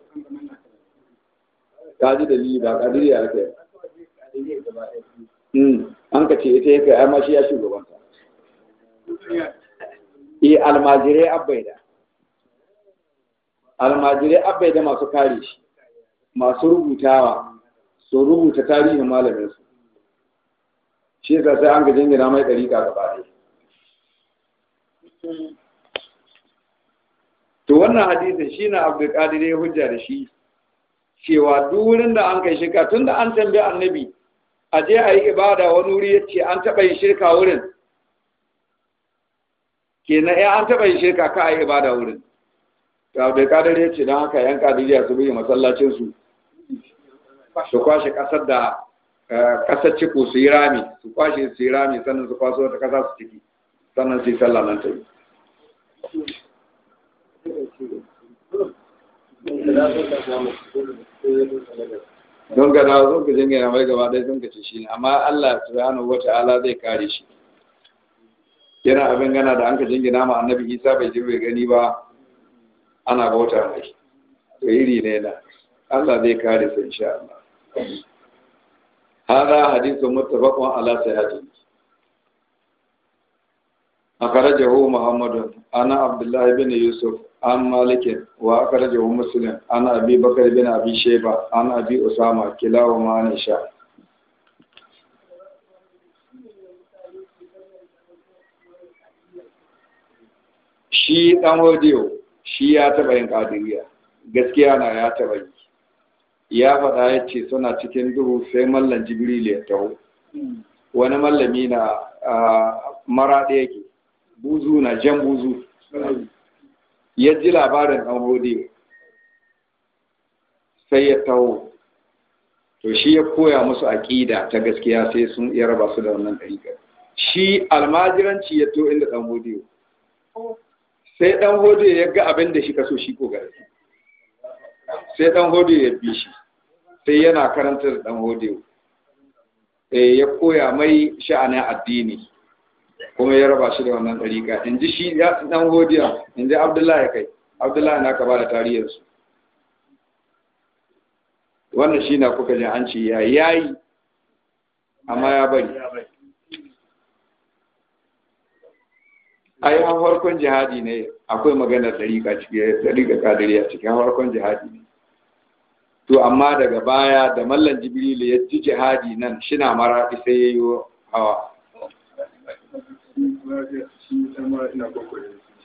ta ji dalili ba kadiri a kai hmm, an kace ita yake ai ma shi ya shugabanta e eh, almajirai abbaida. almajirai abbaida masu kare shi masu rubutawa su rubuta tarihin malaminsu shi yasa sai an ga jingina mai ka gaba ɗaya to wannan hadisin shi na abdulkadir ya hujja da shi cewa duk wurin da an kai shirka tun da an tambayi annabi a je a yi ibada wani wuri ya ce an taɓa yin shirka wurin kenan ya eh, an taɓa yin shirka ka a yi ibada wurin to Qadir ya ce don haka yan kadiriya su buge masallacinsu su kwashe ƙasar da eh, ƙasar ciko su yi rami su kwashe su yi rami sannan su kwaso wata ƙasa su ciki sannan su yi sallah nan ta yi don gana sun ka jingina mai gaba ɗaya sun kace shi ne amma Allah subhanahu wa ta'ala zai kare shi yana abin gana da an ka jingina ma annabi Isa bai ji bai gani ba ana bauta mai to iri ne na Allah zai kare su insha Allah hada bakon muttafaqun ala sahihih أخرجه محمد أنا عبد الله بن يوسف عن مالك وأخرجه مسلم أنا أبي بكر بن أبي شيبة أنا أبي أسامة كلا عن هشام shi ɗan wadiyo shi ya taɓa yin ƙadiriya gaskiya na ya taɓa yi ya faɗa ya ce suna cikin duhu sai mallan jibril ya taho wani mallami na mara ɗaya buzu na jan buzu ya ji labarin ɗan hodiyo sai ya taho to shi ya koya musu aƙida ta gaskiya sai sun iya raba su da wannan ɗariƙar shi almajiranci ya to inda ɗan hodiyo sai ɗan hodiyo ya ga abin da shi kaso shi ko gari sai ɗan hodiyo ya bi shi sai yana karanta da ɗan hodiyo eh, ya koya mai sha'anin addini kuma ya raba shi da wannan ɗariƙa in ji shi ɗan hodiya in ji abdullahi kai abdullahi na ka ba da tarihinsu wannan shi na kuka ji an ce ya yayi amma ya bari ai an farkon jihadi ne akwai maganar ɗariƙa ciki ɗariƙa kadiri a cikin farkon jihadi ne to amma daga baya da mallan jibrilu ya ji jihadi nan shi na maraɗi sai ya yi hawa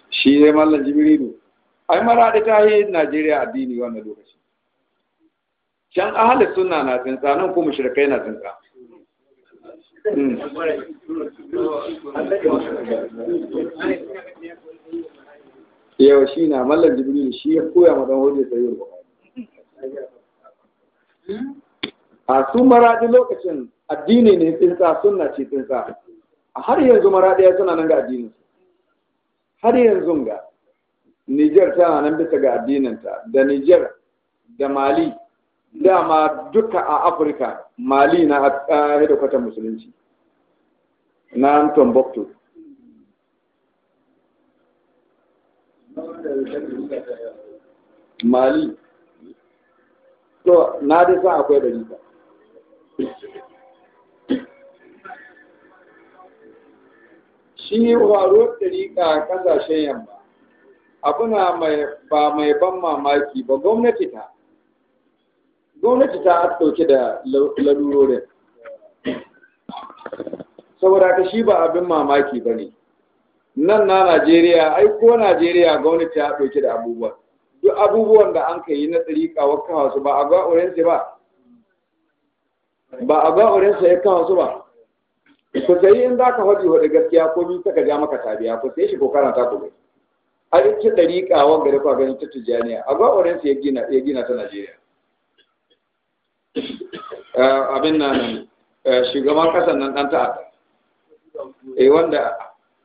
shi ne mallan jibrilu ai da ta yi najeriya addini wannan lokaci can ahalis suna na tsinsa nan kuma shirkai na tsinsa hmm. yau shi na mallan jibrilu shi ya koya ma dan hoje sayyid a su maradi lokacin addini ne tsinsa suna ce tsinsa har yanzu ɗaya tana nan ga addinin har yanzu ga Nijar tana nan bisa ga addininta da Nijar da Mali dama duka a Afirka Mali na hidakwatar musulunci na Tombouctou. Mali to na dai sa akwai dalika shi waruwar ɗariƙa a ƙasashen yamma abuna ba mai ban mamaki ba gwamnati ta gwamnati ta ɗauke da lalurorin saboda ka shi ba abin mamaki ba ne nan na najeriya ai ko najeriya gwamnati ta ɗauke da abubuwan duk abubuwan da an yi na dariƙa wa kawo su ba a gwa'urinsu ba ba a gwa'urinsu ya kawo su ba ku sai in za ka faɗi wa gaskiya ko min saka ja maka tabiya ku sai shi ko karanta ku bai a ta dariƙa wanga da kwa ganin ta tijaniya a ga orensu ya gina ya gina ta Najeriya eh, abin nan eh, shugaban kasan nan ɗan ta'adda eh wanda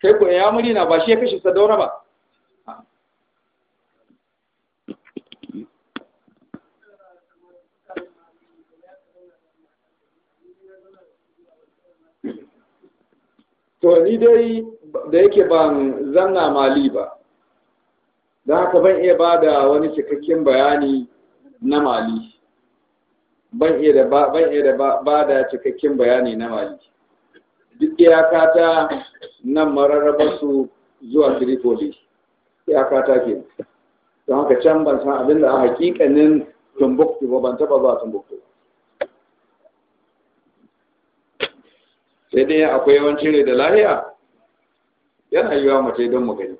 kai ko ya na ba shi ya kashe sadaura ba to ni dai da yake ban zanna mali ba da haka ban iya ba da wani cikakken bayani na mali ban iya da ba da cikakken bayani na mali duk iyaka ta nan mararraba su zuwa tripoli iyaka ta ke don haka can ban san abin da a hakikanin tumbuktu ba ban taba zuwa tumbuktu sai dai akwai yawanci ne da lahiya yana yiwa mace don mu gani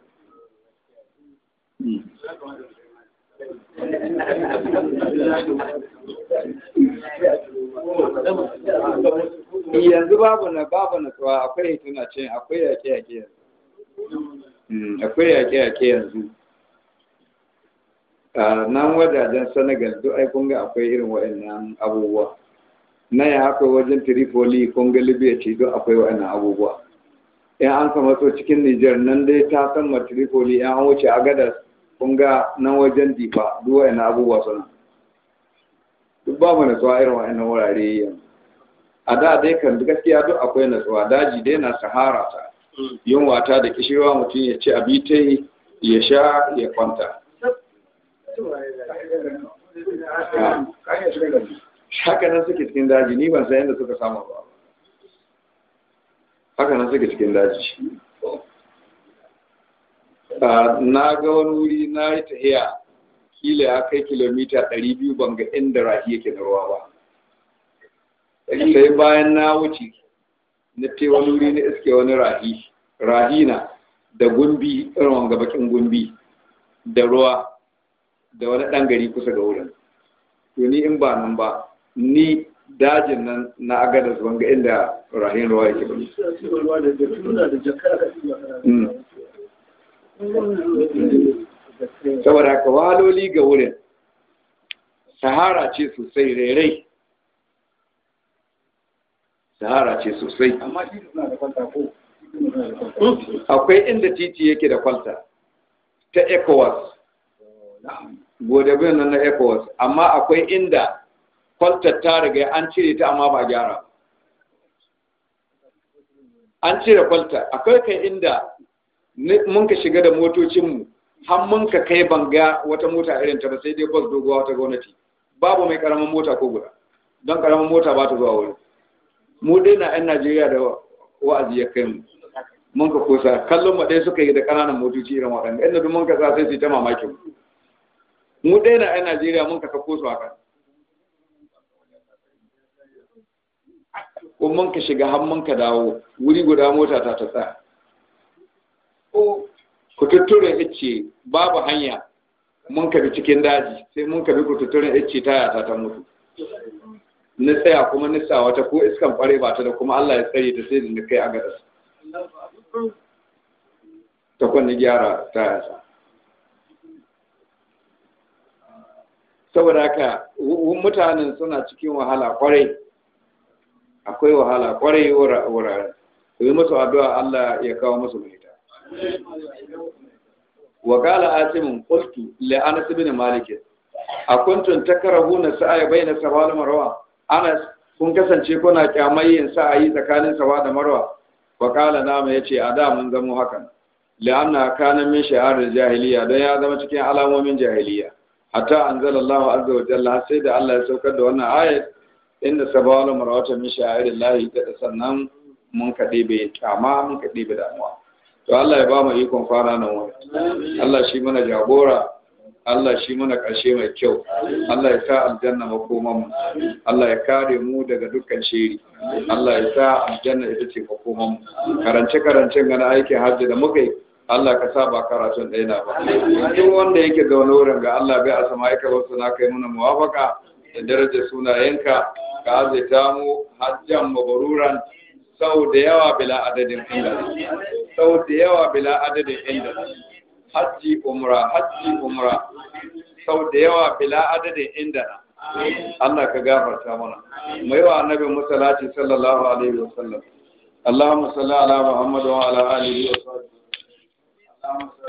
eh, yanzu babu na babu na tsawa akwai hituna ce hmm, akwai yaƙe yaƙe yanzu akwai yaƙe yaƙe yanzu a ah, nan wajajen senegal duk ai ga akwai irin waɗannan abubuwa Na ya haka wajen Tripoli kunga Libya ce duk akwai wa'annan abubuwa in an kama so cikin Niger nan dai ta san ma Tripoli ya an wuce Agadas kun ga nan wajen Difa duk wa'annan abubuwa suna duk ba mu natsuwa irin wa'annan wurare yanzu a da dai kan gaskiya duk akwai natsuwa daji dai na sahara ta yunwa ta da kishirwa mutum ya ci abitai ya sha ya kwanta haka nan suke cikin daji ni ban san yadda suka samu ba haka nan suke cikin daji na ga wani wuri na yi ta tahiya kila ya kai kilomita 200 ban ga inda rahi yake na ruwa ba sai bayan na wuce na fi wani wuri na iske wani rahi rahi na da gumbi irin wanga bakin gumbi da ruwa da wani ɗan gari kusa ga wurin to ni in ba nan ba ni dajin nan na agadas wanga inda rahin ruwa yake ba hmm. saboda ka waloli ga wurin sahara ce sosai rairai sahara ce sosai akwai inda titi yake da kwalta ta ecowas oh, godabin nan na ecowas amma akwai inda faltar ta riga an cire ta amma ba gyara an cire kwalta. akwai kan inda mun ka shiga da motocinmu har mun ka kai banga wata mota irin ta ba sai dai bus doguwa wata gwamnati babu mai karamin mota ko guda don karamin mota ba ta zuwa wuri mu dai na yan Najeriya da wa'azi ya kai mu mun ka kosa kallon mu dai suka yi da ƙananan motoci irin waɗanda inda duk mun ka sa sai su ta mamakin mu dai na yan Najeriya mun ka ka kosa haka Kuma mun ka shiga hannun ka dawo wuri guda mota ta ta tsaya kututturen ice babu hanya mun ka bi cikin daji sai mun ka bi kututturen ice taya ta ta mutu na tsaya kuma nisa wata ko iskan kware ba ta da kuma Allah ya tsare ta sai da ni kai a gadas ta kwanni gyara taya ta saboda haka mutanen suna cikin wahala kwarai akwai wahala kwarai wuraren ku yi musu addu'a Allah ya kawo musu mahita wa qala asim qultu li anas ibn malik akuntum takrahuna sa'a bayyana sawa da marwa anas kun kasance kuna kyamayin sa'ayi tsakanin sawa da marwa wa qala nama ce a da mun zamo hakan la'anna kanan min shi'ar jahiliya don ya zama cikin alamomin jahiliya hatta anzalallahu azza wa jalla sai da Allah ya saukar da wannan ayat inda sabalun marawata min sha'irin da kada sannan mun kaɗe bai kyama mun kaɗe bai damuwa to Allah ya ba mu ikon fara nan wani Allah shi mana jagora Allah shi mana ƙarshe mai kyau Allah ya sa aljanna makoman mu Allah ya kare mu daga dukkan shiri Allah ya sa aljanna ita ce makoman mu karance karancen gana aikin hajji da muka yi Allah ka sa ba karatun ɗaya na ba duk wanda yake zaune wurin ga Allah bai a sama aika wasu na kai mana muwafaka da darajar sunayenka ka azita mu hajjan mabururan sau da yawa bila adadin inda sau da yawa bila adadin inda hajji umra hajji umra sau da yawa bila adadin inda Allah ka gafarta mana mai wa annabi musallati sallallahu alaihi wa sallam Allahumma salli ala Muhammad wa ala alihi wa sahbihi